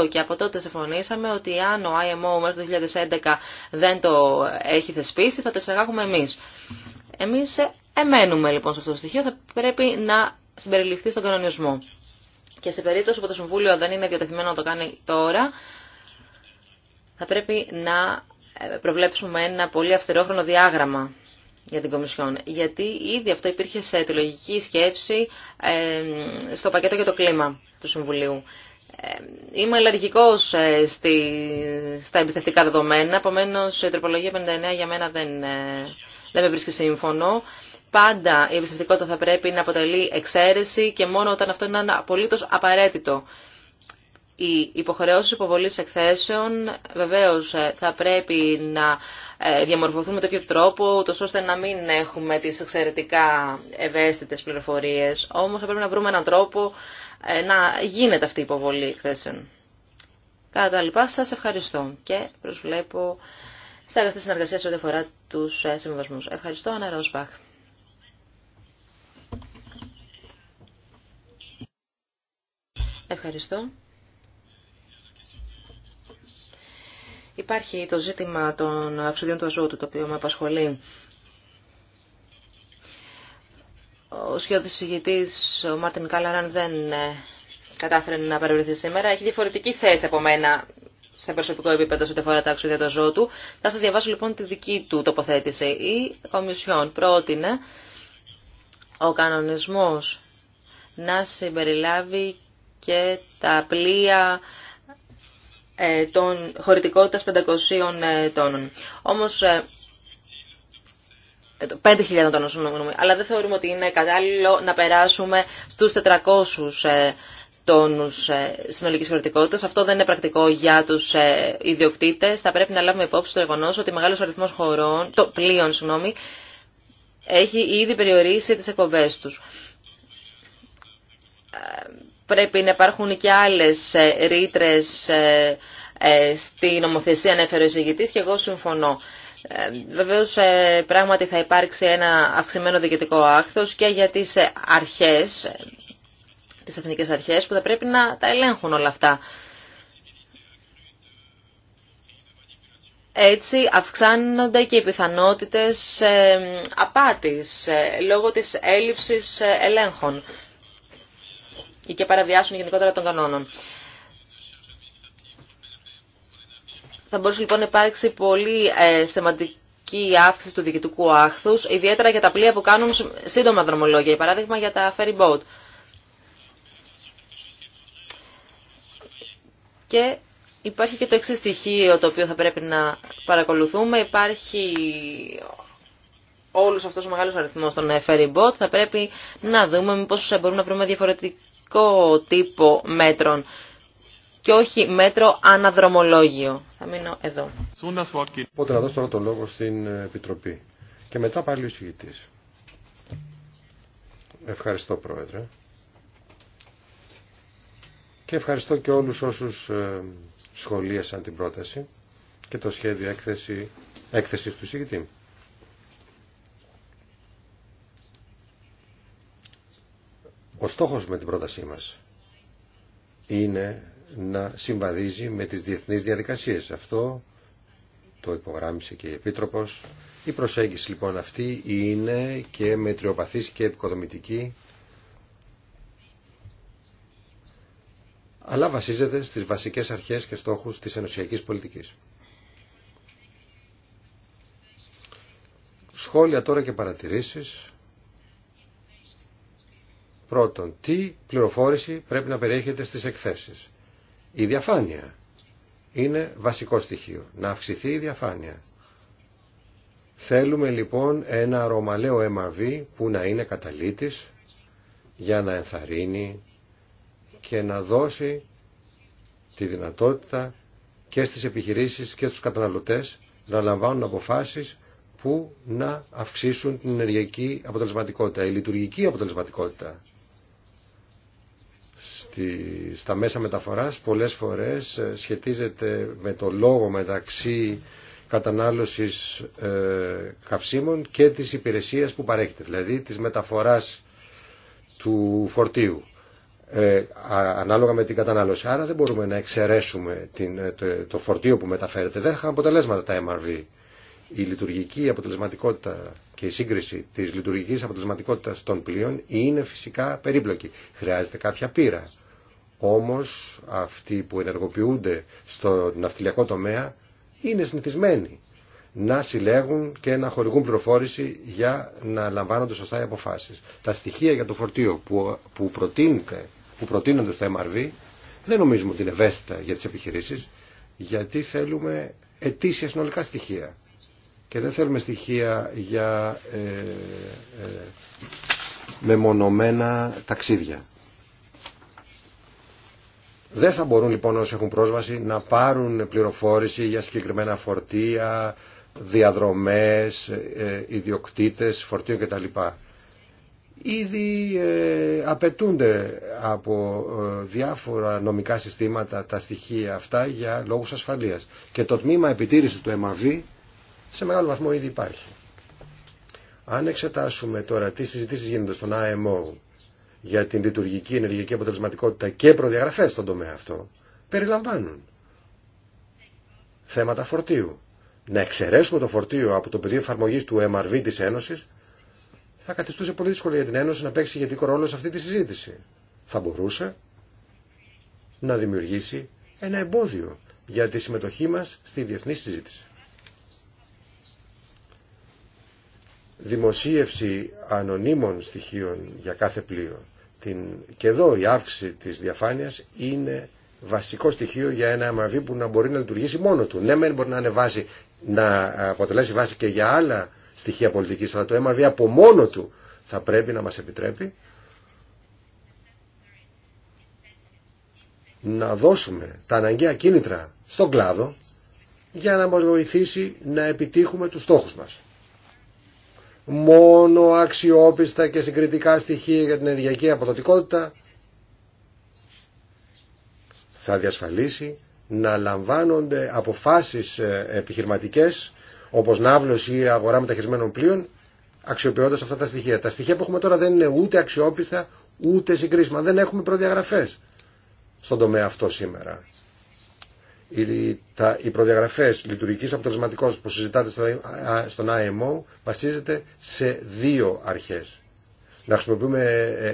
2008 και από τότε συμφωνήσαμε ότι αν ο IMO μέχρι το 2011 δεν το έχει θεσπίσει θα το εισαγάγουμε εμείς. Εμείς ε, εμένουμε λοιπόν σε αυτό το στοιχείο, θα πρέπει να συμπεριληφθεί στον κανονισμό. Και σε περίπτωση που το Συμβούλιο δεν είναι διατεθειμένο να το κάνει τώρα, θα πρέπει να ε, προβλέψουμε ένα πολύ αυστηρόχρονο διάγραμμα για την Κομισιόν. Γιατί ήδη αυτό υπήρχε σε αιτιολογική σκέψη ε, στο πακέτο για το κλίμα του Συμβουλίου. Ε, είμαι αλλεργικό ε, στα εμπιστευτικά δεδομένα, επομένω η τροπολογία 59 για μένα δεν, ε, δεν με βρίσκει σύμφωνο. Πάντα η εμπιστευτικότητα θα πρέπει να αποτελεί εξαίρεση και μόνο όταν αυτό είναι απολύτω απαραίτητο οι υποχρεώσεις υποβολής εκθέσεων βεβαίως ε, θα πρέπει να ε, διαμορφωθούν με τέτοιο τρόπο, το ώστε να μην έχουμε τις εξαιρετικά ευαίσθητες πληροφορίες. Όμως θα πρέπει να βρούμε έναν τρόπο ε, να γίνεται αυτή η υποβολή εκθέσεων. Κατά τα λοιπά, σας ευχαριστώ και προσβλέπω σε αγαστή συνεργασία σε ό,τι αφορά τους συμβιβασμού. Ευχαριστώ, Ανά Ροσπαχ. Ευχαριστώ. Υπάρχει το ζήτημα των αξιδιών του αζότου, το οποίο με απασχολεί. Ο σχεδόν ο Μάρτιν Κάλαραν, δεν ε, κατάφερε να παρευρεθεί σήμερα. Έχει διαφορετική θέση από μένα σε προσωπικό επίπεδο σε ό,τι αφορά τα αξιωδία του ζώου Θα σας διαβάσω λοιπόν τη δική του τοποθέτηση. Η Κομισιόν πρότεινε ο κανονισμός να συμπεριλάβει και τα πλοία ε, των χωρητικότητας 500 ε, τόνων. Όμως 5.000 ε, τόνων, συγγνώμη, αλλά δεν θεωρούμε ότι είναι κατάλληλο να περάσουμε στους 400 τόνους συνολικής χωρητικότητας. Αυτό δεν είναι πρακτικό για τους ιδιοκτήτες. Θα πρέπει να λάβουμε υπόψη το γεγονό ότι μεγάλος αριθμός χωρών, το πλοίων, συγγνώμη, έχει ήδη περιορίσει τις εκπομπές τους πρέπει να υπάρχουν και άλλες ε, ρήτρε ε, ε, στη νομοθεσία ανέφερε ο εισηγητής και εγώ συμφωνώ. Βεβαίω πράγματι θα υπάρξει ένα αυξημένο διοικητικό άκθος και για τις αρχές, τις εθνικές αρχές που θα πρέπει να τα ελέγχουν όλα αυτά. Έτσι αυξάνονται και οι πιθανότητες απάτης λόγω της έλλειψης ελέγχων και και παραβιάσουν γενικότερα των κανόνων. Θα μπορούσε λοιπόν να υπάρξει πολύ ε, σημαντική αύξηση του διοικητικού άχθους, ιδιαίτερα για τα πλοία που κάνουν σύντομα δρομολόγια, για παράδειγμα για τα ferry boat. Και υπάρχει και το εξή στοιχείο το οποίο θα πρέπει να παρακολουθούμε. Υπάρχει όλος αυτός ο μεγάλος αριθμός των ε, ferry boat. Θα πρέπει να δούμε μήπως μπορούμε να βρούμε διαφορετικά ειδικό τύπο μέτρων και όχι μέτρο αναδρομολόγιο. Θα μείνω εδώ. Οπότε να δώσω τώρα το λόγο στην ε, Επιτροπή και μετά πάλι ο εισηγητής. Ευχαριστώ Πρόεδρε. Και ευχαριστώ και όλους όσους ε, σχολίασαν την πρόταση και το σχέδιο έκθεση, έκθεσης του εισηγητή. στόχος με την πρότασή μας είναι να συμβαδίζει με τις διεθνείς διαδικασίες. Αυτό το υπογράμμισε και η Επίτροπος. Η προσέγγιση λοιπόν αυτή είναι και μετριοπαθής και επικοδομητική αλλά βασίζεται στις βασικές αρχές και στόχους της ενωσιακής πολιτικής. Σχόλια τώρα και παρατηρήσεις Πρώτον, τι πληροφόρηση πρέπει να περιέχεται στις εκθέσεις. Η διαφάνεια είναι βασικό στοιχείο. Να αυξηθεί η διαφάνεια. Θέλουμε λοιπόν ένα ρωμαλαίο MRV που να είναι καταλήτης για να ενθαρρύνει και να δώσει τη δυνατότητα και στις επιχειρήσεις και στους καταναλωτές να λαμβάνουν αποφάσεις που να αυξήσουν την ενεργειακή αποτελεσματικότητα, η λειτουργική αποτελεσματικότητα στα μέσα μεταφοράς πολλές φορές ε, σχετίζεται με το λόγο μεταξύ κατανάλωσης ε, καυσίμων και της υπηρεσίας που παρέχεται, δηλαδή της μεταφοράς του φορτίου ε, ανάλογα με την κατανάλωση. Άρα δεν μπορούμε να εξαιρέσουμε το φορτίο που μεταφέρεται. Δεν είχαν αποτελέσματα τα MRV. Η λειτουργική αποτελεσματικότητα και η σύγκριση της λειτουργικής αποτελεσματικότητας των πλοίων είναι φυσικά περίπλοκη. Χρειάζεται κάποια πείρα όμως αυτοί που ενεργοποιούνται στο ναυτιλιακό τομέα είναι συνηθισμένοι να συλλέγουν και να χορηγούν πληροφόρηση για να λαμβάνονται σωστά οι αποφάσεις. Τα στοιχεία για το φορτίο που, που, που προτείνονται στο MRV δεν νομίζουμε ότι είναι ευαίσθητα για τις επιχειρήσεις γιατί θέλουμε ετήσια συνολικά στοιχεία και δεν θέλουμε στοιχεία για ε, ε, μεμονωμένα ταξίδια. Δεν θα μπορούν λοιπόν όσοι έχουν πρόσβαση να πάρουν πληροφόρηση για συγκεκριμένα φορτία, διαδρομές, ε, ιδιοκτήτες φορτίων κτλ. Ήδη ε, απαιτούνται από ε, διάφορα νομικά συστήματα τα στοιχεία αυτά για λόγους ασφαλείας. Και το τμήμα επιτήρησης του ΕΜΑΒ σε μεγάλο βαθμό ήδη υπάρχει. Αν εξετάσουμε τώρα τι συζητήσεις γίνονται στον ΑΕΜΟ για την λειτουργική ενεργειακή αποτελεσματικότητα και προδιαγραφές στον τομέα αυτό περιλαμβάνουν θέματα φορτίου. Να εξαιρέσουμε το φορτίο από το πεδίο εφαρμογή του MRV της Ένωσης θα καθιστούσε πολύ δύσκολο για την Ένωση να παίξει ηγετικό ρόλο σε αυτή τη συζήτηση. Θα μπορούσε να δημιουργήσει ένα εμπόδιο για τη συμμετοχή μας στη διεθνή συζήτηση. δημοσίευση ανωνύμων στοιχείων για κάθε πλοίο. Την... Και εδώ η αύξηση της διαφάνειας είναι βασικό στοιχείο για ένα MRV που να μπορεί να λειτουργήσει μόνο του. Ναι, μπορεί να, ανεβάσει, να αποτελέσει βάση και για άλλα στοιχεία πολιτικής, αλλά το MRV από μόνο του θα πρέπει να μας επιτρέπει να δώσουμε τα αναγκαία κίνητρα στον κλάδο για να μας βοηθήσει να επιτύχουμε τους στόχους μας μόνο αξιόπιστα και συγκριτικά στοιχεία για την ενεργειακή αποδοτικότητα θα διασφαλίσει να λαμβάνονται αποφάσεις ε, επιχειρηματικές όπως ναύλωση ή αγορά μεταχειρισμένων πλοίων αξιοποιώντας αυτά τα στοιχεία. Τα στοιχεία που έχουμε τώρα δεν είναι ούτε αξιόπιστα ούτε συγκρίσιμα. Δεν έχουμε προδιαγραφές στον τομέα αυτό σήμερα οι, τα, οι προδιαγραφές λειτουργικής αποτελεσματικότητας που συζητάτε στον IMO βασίζεται σε δύο αρχές. Να χρησιμοποιούμε ε,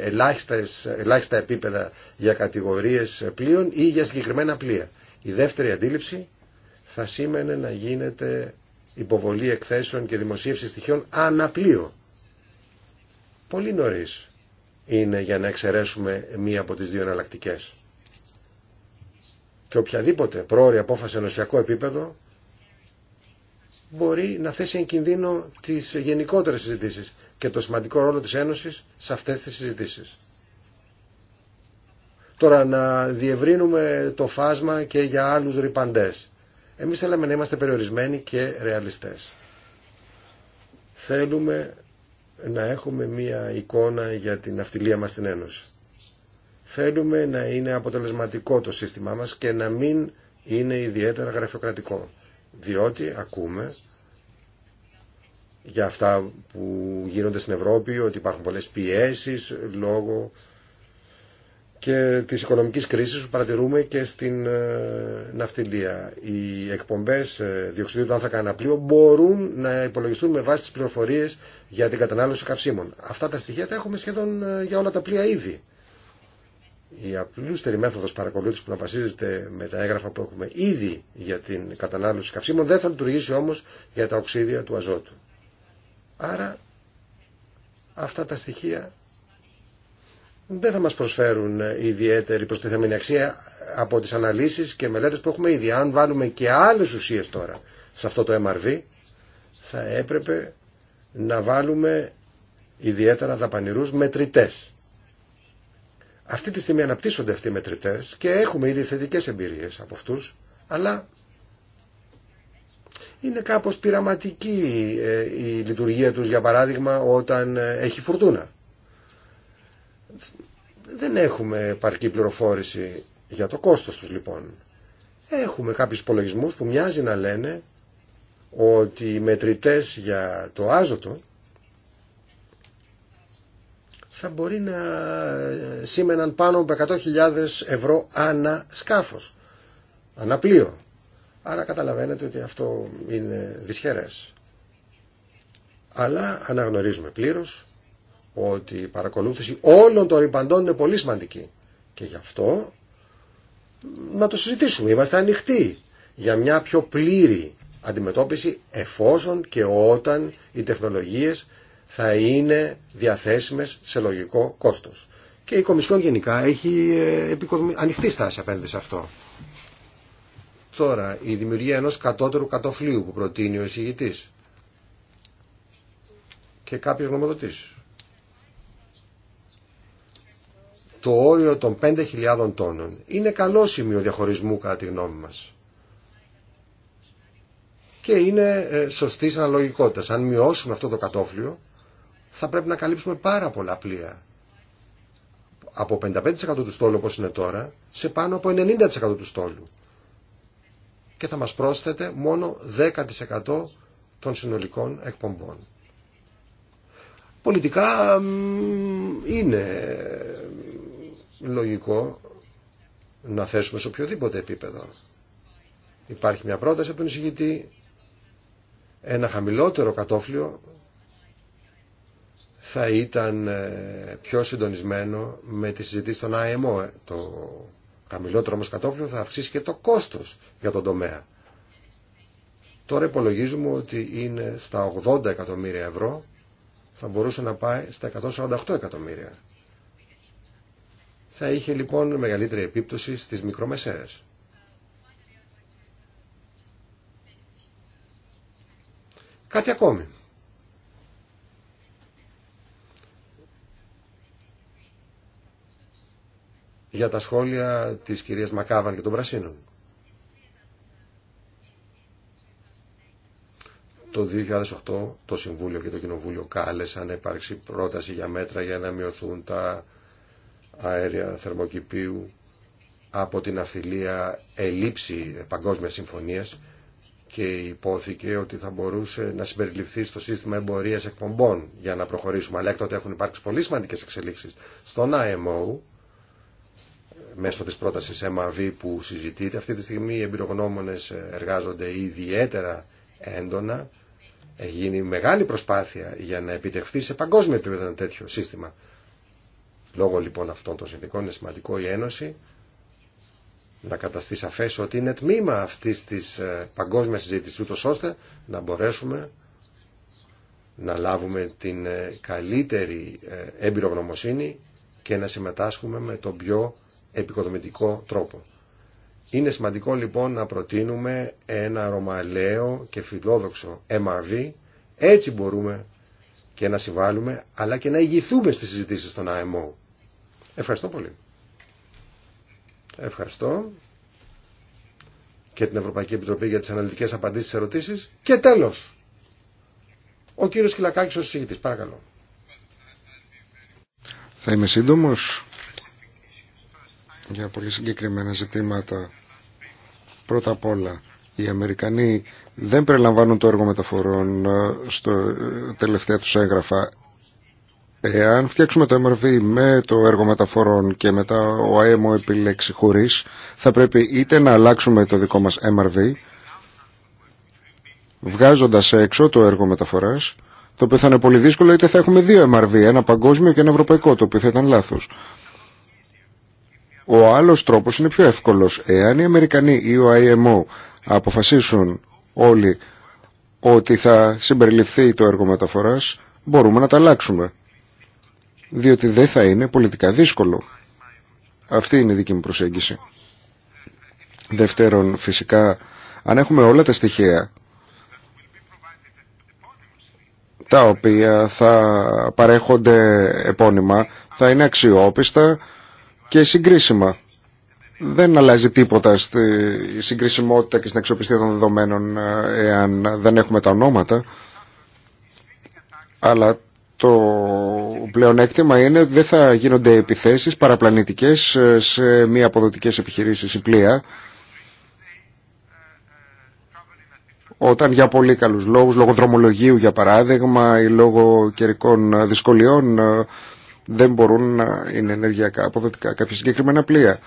ελάχιστα επίπεδα για κατηγορίες πλοίων ή για συγκεκριμένα πλοία. Η δεύτερη αντίληψη θα σήμαινε να γίνεται υποβολή εκθέσεων και δημοσίευση στοιχείων αναπλοίο. Πολύ νωρίς είναι για να εξαιρέσουμε μία από τις δύο εναλλακτικέ και οποιαδήποτε πρόορη απόφαση ενωσιακό επίπεδο μπορεί να θέσει εν κινδύνο τις γενικότερες συζητήσεις και το σημαντικό ρόλο της Ένωσης σε αυτές τις συζητήσεις. Τώρα να διευρύνουμε το φάσμα και για άλλους ρηπαντές. Εμείς θέλαμε να είμαστε περιορισμένοι και ρεαλιστές. Θέλουμε να έχουμε μία εικόνα για την αυτιλία μας στην Ένωση. Θέλουμε να είναι αποτελεσματικό το σύστημά μας και να μην είναι ιδιαίτερα γραφειοκρατικό. Διότι ακούμε για αυτά που γίνονται στην Ευρώπη, ότι υπάρχουν πολλές πιέσεις λόγω και της οικονομικής κρίσης που παρατηρούμε και στην ε, ναυτιλία. Οι εκπομπές ε, διοξιδίου του άνθρακα αναπλοίου μπορούν να υπολογιστούν με βάση τις πληροφορίες για την κατανάλωση καυσίμων. Αυτά τα στοιχεία τα έχουμε σχεδόν ε, για όλα τα πλοία ήδη η απλούστερη μέθοδος παρακολούθησης που να βασίζεται με τα έγγραφα που έχουμε ήδη για την κατανάλωση καυσίμων δεν θα λειτουργήσει όμως για τα οξύδια του αζότου. Άρα αυτά τα στοιχεία δεν θα μας προσφέρουν ιδιαίτερη προστιθέμενη αξία από τις αναλύσεις και μελέτες που έχουμε ήδη. Αν βάλουμε και άλλες ουσίες τώρα σε αυτό το MRV θα έπρεπε να βάλουμε ιδιαίτερα δαπανηρούς μετρητές αυτή τη στιγμή αναπτύσσονται αυτοί οι μετρητές και έχουμε ήδη θετικές εμπειρίες από αυτούς, αλλά είναι κάπως πειραματική ε, η λειτουργία τους, για παράδειγμα, όταν ε, έχει φουρτούνα. Δεν έχουμε παρκή πληροφόρηση για το κόστος τους, λοιπόν. Έχουμε κάποιους υπολογισμού που μοιάζει να λένε ότι οι μετρητές για το άζωτο θα μπορεί να σήμαιναν πάνω από 100.000 ευρώ ανά σκάφος, ανά πλοίο. Άρα καταλαβαίνετε ότι αυτό είναι δυσχερές. Αλλά αναγνωρίζουμε πλήρως ότι η παρακολούθηση όλων των ρηπαντών είναι πολύ σημαντική. Και γι' αυτό να το συζητήσουμε. Είμαστε ανοιχτοί για μια πιο πλήρη αντιμετώπιση εφόσον και όταν οι τεχνολογίες θα είναι διαθέσιμες σε λογικό κόστος. Και η Κομισιόν γενικά έχει ε, ανοιχτή στάση απέναντι σε αυτό. Τώρα, η δημιουργία ενός κατώτερου κατοφλίου που προτείνει ο εισηγητής και κάποιες γνωμοδοτήσεις. Το όριο των 5.000 τόνων είναι καλό σημείο διαχωρισμού κατά τη γνώμη μας. Και είναι ε, σωστή αναλογικότητα. Αν μειώσουμε αυτό το κατόφλιο, θα πρέπει να καλύψουμε πάρα πολλά πλοία. Από 55% του στόλου όπως είναι τώρα, σε πάνω από 90% του στόλου. Και θα μας πρόσθεται μόνο 10% των συνολικών εκπομπών. Πολιτικά είναι λογικό να θέσουμε σε οποιοδήποτε επίπεδο. Υπάρχει μια πρόταση από τον εισηγητή, ένα χαμηλότερο κατόφλιο θα ήταν ε, πιο συντονισμένο με τη συζήτηση των IMO. Ε, το χαμηλότερο όμως κατόφλιο θα αυξήσει και το κόστος για τον τομέα. Τώρα υπολογίζουμε ότι είναι στα 80 εκατομμύρια ευρώ, θα μπορούσε να πάει στα 148 εκατομμύρια. Θα είχε λοιπόν μεγαλύτερη επίπτωση στις μικρομεσαίες. Κάτι ακόμη. για τα σχόλια της κυρίας Μακάβαν και των Πρασίνων. Το 2008 το Συμβούλιο και το Κοινοβούλιο κάλεσαν να υπάρξει πρόταση για μέτρα για να μειωθούν τα αέρια θερμοκηπίου από την αυθυλία ελήψη παγκόσμιας συμφωνίας και υπόθηκε ότι θα μπορούσε να συμπεριληφθεί στο σύστημα εμπορίας εκπομπών για να προχωρήσουμε. Αλλά έκτοτε έχουν υπάρξει πολύ σημαντικέ εξελίξεις στον IMO μέσω της πρότασης MRV που συζητείται. Αυτή τη στιγμή οι εμπειρογνώμονες εργάζονται ιδιαίτερα έντονα. Έχει γίνει μεγάλη προσπάθεια για να επιτευχθεί σε παγκόσμιο επίπεδο ένα τέτοιο σύστημα. Λόγω λοιπόν αυτών των συνδικών είναι σημαντικό η Ένωση να καταστεί σαφέ ότι είναι τμήμα αυτή τη ε, παγκόσμια συζήτησης ούτω ώστε να μπορέσουμε να λάβουμε την ε, καλύτερη ε, εμπειρογνωμοσύνη και να συμμετάσχουμε με τον πιο επικοδομητικό τρόπο. Είναι σημαντικό λοιπόν να προτείνουμε ένα ρωμαλαίο και φιλόδοξο MRV. Έτσι μπορούμε και να συμβάλλουμε αλλά και να ηγηθούμε στις συζητήσεις των ΑΕΜΟ. Ευχαριστώ πολύ. Ευχαριστώ και την Ευρωπαϊκή Επιτροπή για τις αναλυτικές απαντήσεις στις ερωτήσεις. Και τέλος, ο κύριος Κυλακάκης ως συζητητής. Παρακαλώ. Θα είμαι σύντομος για πολύ συγκεκριμένα ζητήματα. Πρώτα απ' όλα, οι Αμερικανοί δεν περιλαμβάνουν το έργο μεταφορών ε, στο ε, τελευταία τους έγγραφα. Εάν φτιάξουμε το MRV με το έργο μεταφορών και μετά ο ΑΕΜΟ επιλέξει χωρίς, θα πρέπει είτε να αλλάξουμε το δικό μας MRV, βγάζοντας έξω το έργο μεταφοράς, το οποίο θα είναι πολύ δύσκολο, είτε θα έχουμε δύο MRV, ένα παγκόσμιο και ένα ευρωπαϊκό, το οποίο θα ήταν λάθος. Ο άλλος τρόπος είναι πιο εύκολος. Εάν οι Αμερικανοί ή ο IMO αποφασίσουν όλοι ότι θα συμπεριληφθεί το έργο μεταφοράς, μπορούμε να τα αλλάξουμε. Διότι δεν θα είναι πολιτικά δύσκολο. Αυτή είναι η δική μου προσέγγιση. Δεύτερον, φυσικά, αν έχουμε όλα τα στοιχεία τα οποία θα παρέχονται επώνυμα, θα είναι αξιόπιστα, και συγκρίσιμα. Δεν αλλάζει τίποτα στη συγκρισιμότητα και στην αξιοπιστία των δεδομένων ε, εάν δεν έχουμε τα ονόματα. Αλλά το πλεονέκτημα είναι ότι δεν θα γίνονται επιθέσεις παραπλανητικές ε, σε μη αποδοτικές επιχειρήσεις ή πλοία όταν για πολύ καλούς λόγους, λόγω δρομολογίου για παράδειγμα ή λόγω καιρικών ε, δυσκολιών δεν μπορούν να είναι ενεργειακά αποδοτικά κάποια συγκεκριμένα πλοία.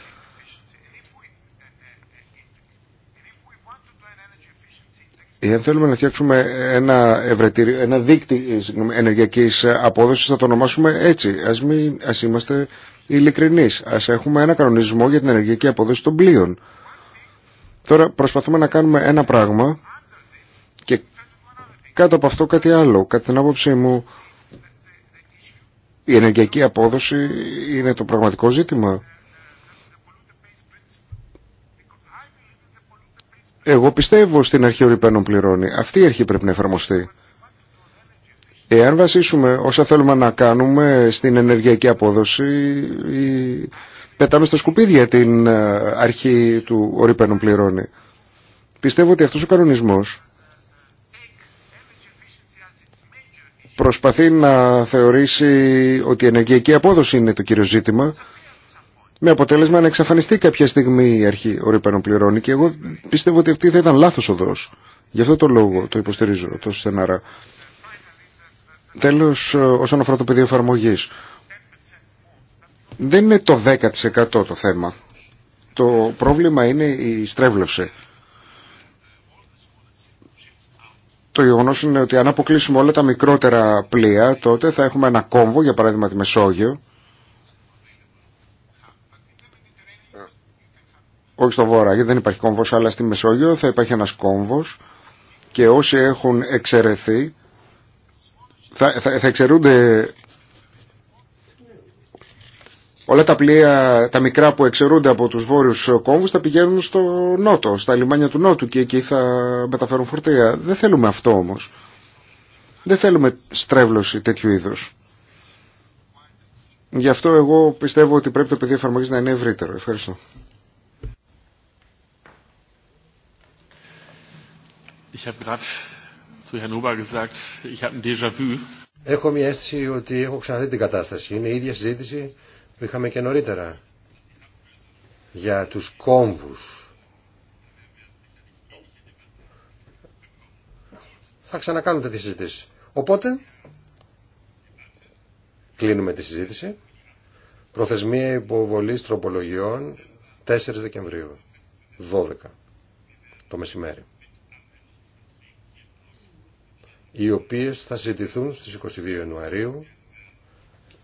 αν θέλουμε να φτιάξουμε ένα, ευρετήριο, ένα δίκτυο ε, ενεργειακής απόδοσης θα το ονομάσουμε έτσι. Ας, μην, ας είμαστε ειλικρινείς. Ας έχουμε ένα κανονισμό για την ενεργειακή απόδοση των πλοίων. Τώρα προσπαθούμε να κάνουμε ένα πράγμα και κάτω από αυτό κάτι άλλο. Κατά την άποψή μου η ενεργειακή απόδοση είναι το πραγματικό ζήτημα. Εγώ πιστεύω στην αρχή ορυπένων πληρώνει. Αυτή η αρχή πρέπει να εφαρμοστεί. Εάν βασίσουμε όσα θέλουμε να κάνουμε στην ενεργειακή απόδοση, πετάμε στα σκουπίδια την ε, αρχή του ορυπένων πληρώνει. Πιστεύω ότι αυτός ο κανονισμός προσπαθεί να θεωρήσει ότι η ενεργειακή απόδοση είναι το κύριο ζήτημα με αποτέλεσμα να εξαφανιστεί κάποια στιγμή η αρχή ορύπανο πληρώνει και εγώ πιστεύω ότι αυτή θα ήταν λάθος οδός. Γι' αυτό το λόγο το υποστηρίζω τόσο στενάρα. Τέλος, όσον αφορά το πεδίο εφαρμογή. δεν είναι το 10% το θέμα. Το πρόβλημα είναι η στρέβλωση. Το γεγονό είναι ότι αν αποκλείσουμε όλα τα μικρότερα πλοία, τότε θα έχουμε ένα κόμβο, για παράδειγμα τη Μεσόγειο, όχι στο Βόρα, γιατί δεν υπάρχει κόμβος, αλλά στη Μεσόγειο θα υπάρχει ένας κόμβος και όσοι έχουν εξαιρεθεί θα, θα, θα εξαιρούνται Όλα τα πλοία, τα μικρά που εξαιρούνται από τους βόρειους κόμβους θα πηγαίνουν στο νότο, στα λιμάνια του νότου και εκεί θα μεταφέρουν φορτία. Δεν θέλουμε αυτό όμως. Δεν θέλουμε στρέβλωση τέτοιου είδους. Γι' αυτό εγώ πιστεύω ότι πρέπει το πεδίο εφαρμογής να είναι ευρύτερο. Ευχαριστώ. Έχω μια αίσθηση ότι έχω ξαναδεί την κατάσταση. Είναι η ίδια συζήτηση που είχαμε και νωρίτερα για τους κόμβους. Θα ξανακάνετε τη συζήτηση. Οπότε, κλείνουμε τη συζήτηση. Προθεσμία υποβολής τροπολογιών 4 Δεκεμβρίου, 12 το μεσημέρι. Οι οποίες θα συζητηθούν στις 22 Ιανουαρίου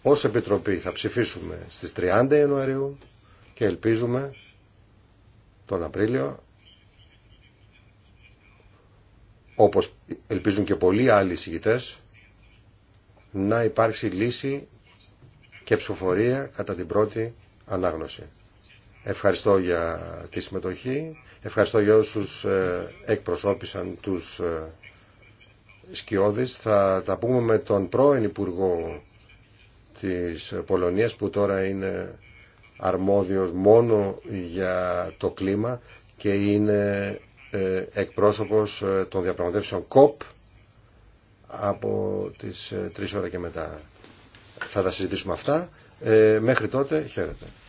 ως Επιτροπή θα ψηφίσουμε στις 30 Ιανουαρίου και ελπίζουμε τον Απρίλιο όπως ελπίζουν και πολλοί άλλοι συγκητές να υπάρξει λύση και ψηφοφορία κατά την πρώτη ανάγνωση. Ευχαριστώ για τη συμμετοχή, ευχαριστώ για όσους ε, εκπροσώπησαν τους ε, σκιώδεις. Θα τα πούμε με τον πρώην Υπουργό της Πολωνίας που τώρα είναι αρμόδιος μόνο για το κλίμα και είναι ε, εκπρόσωπος ε, των διαπραγματεύσεων ΚΟΠ από τις 3 ε, ώρα και μετά. Θα τα συζητήσουμε αυτά. Μέχρι τότε χαίρετε.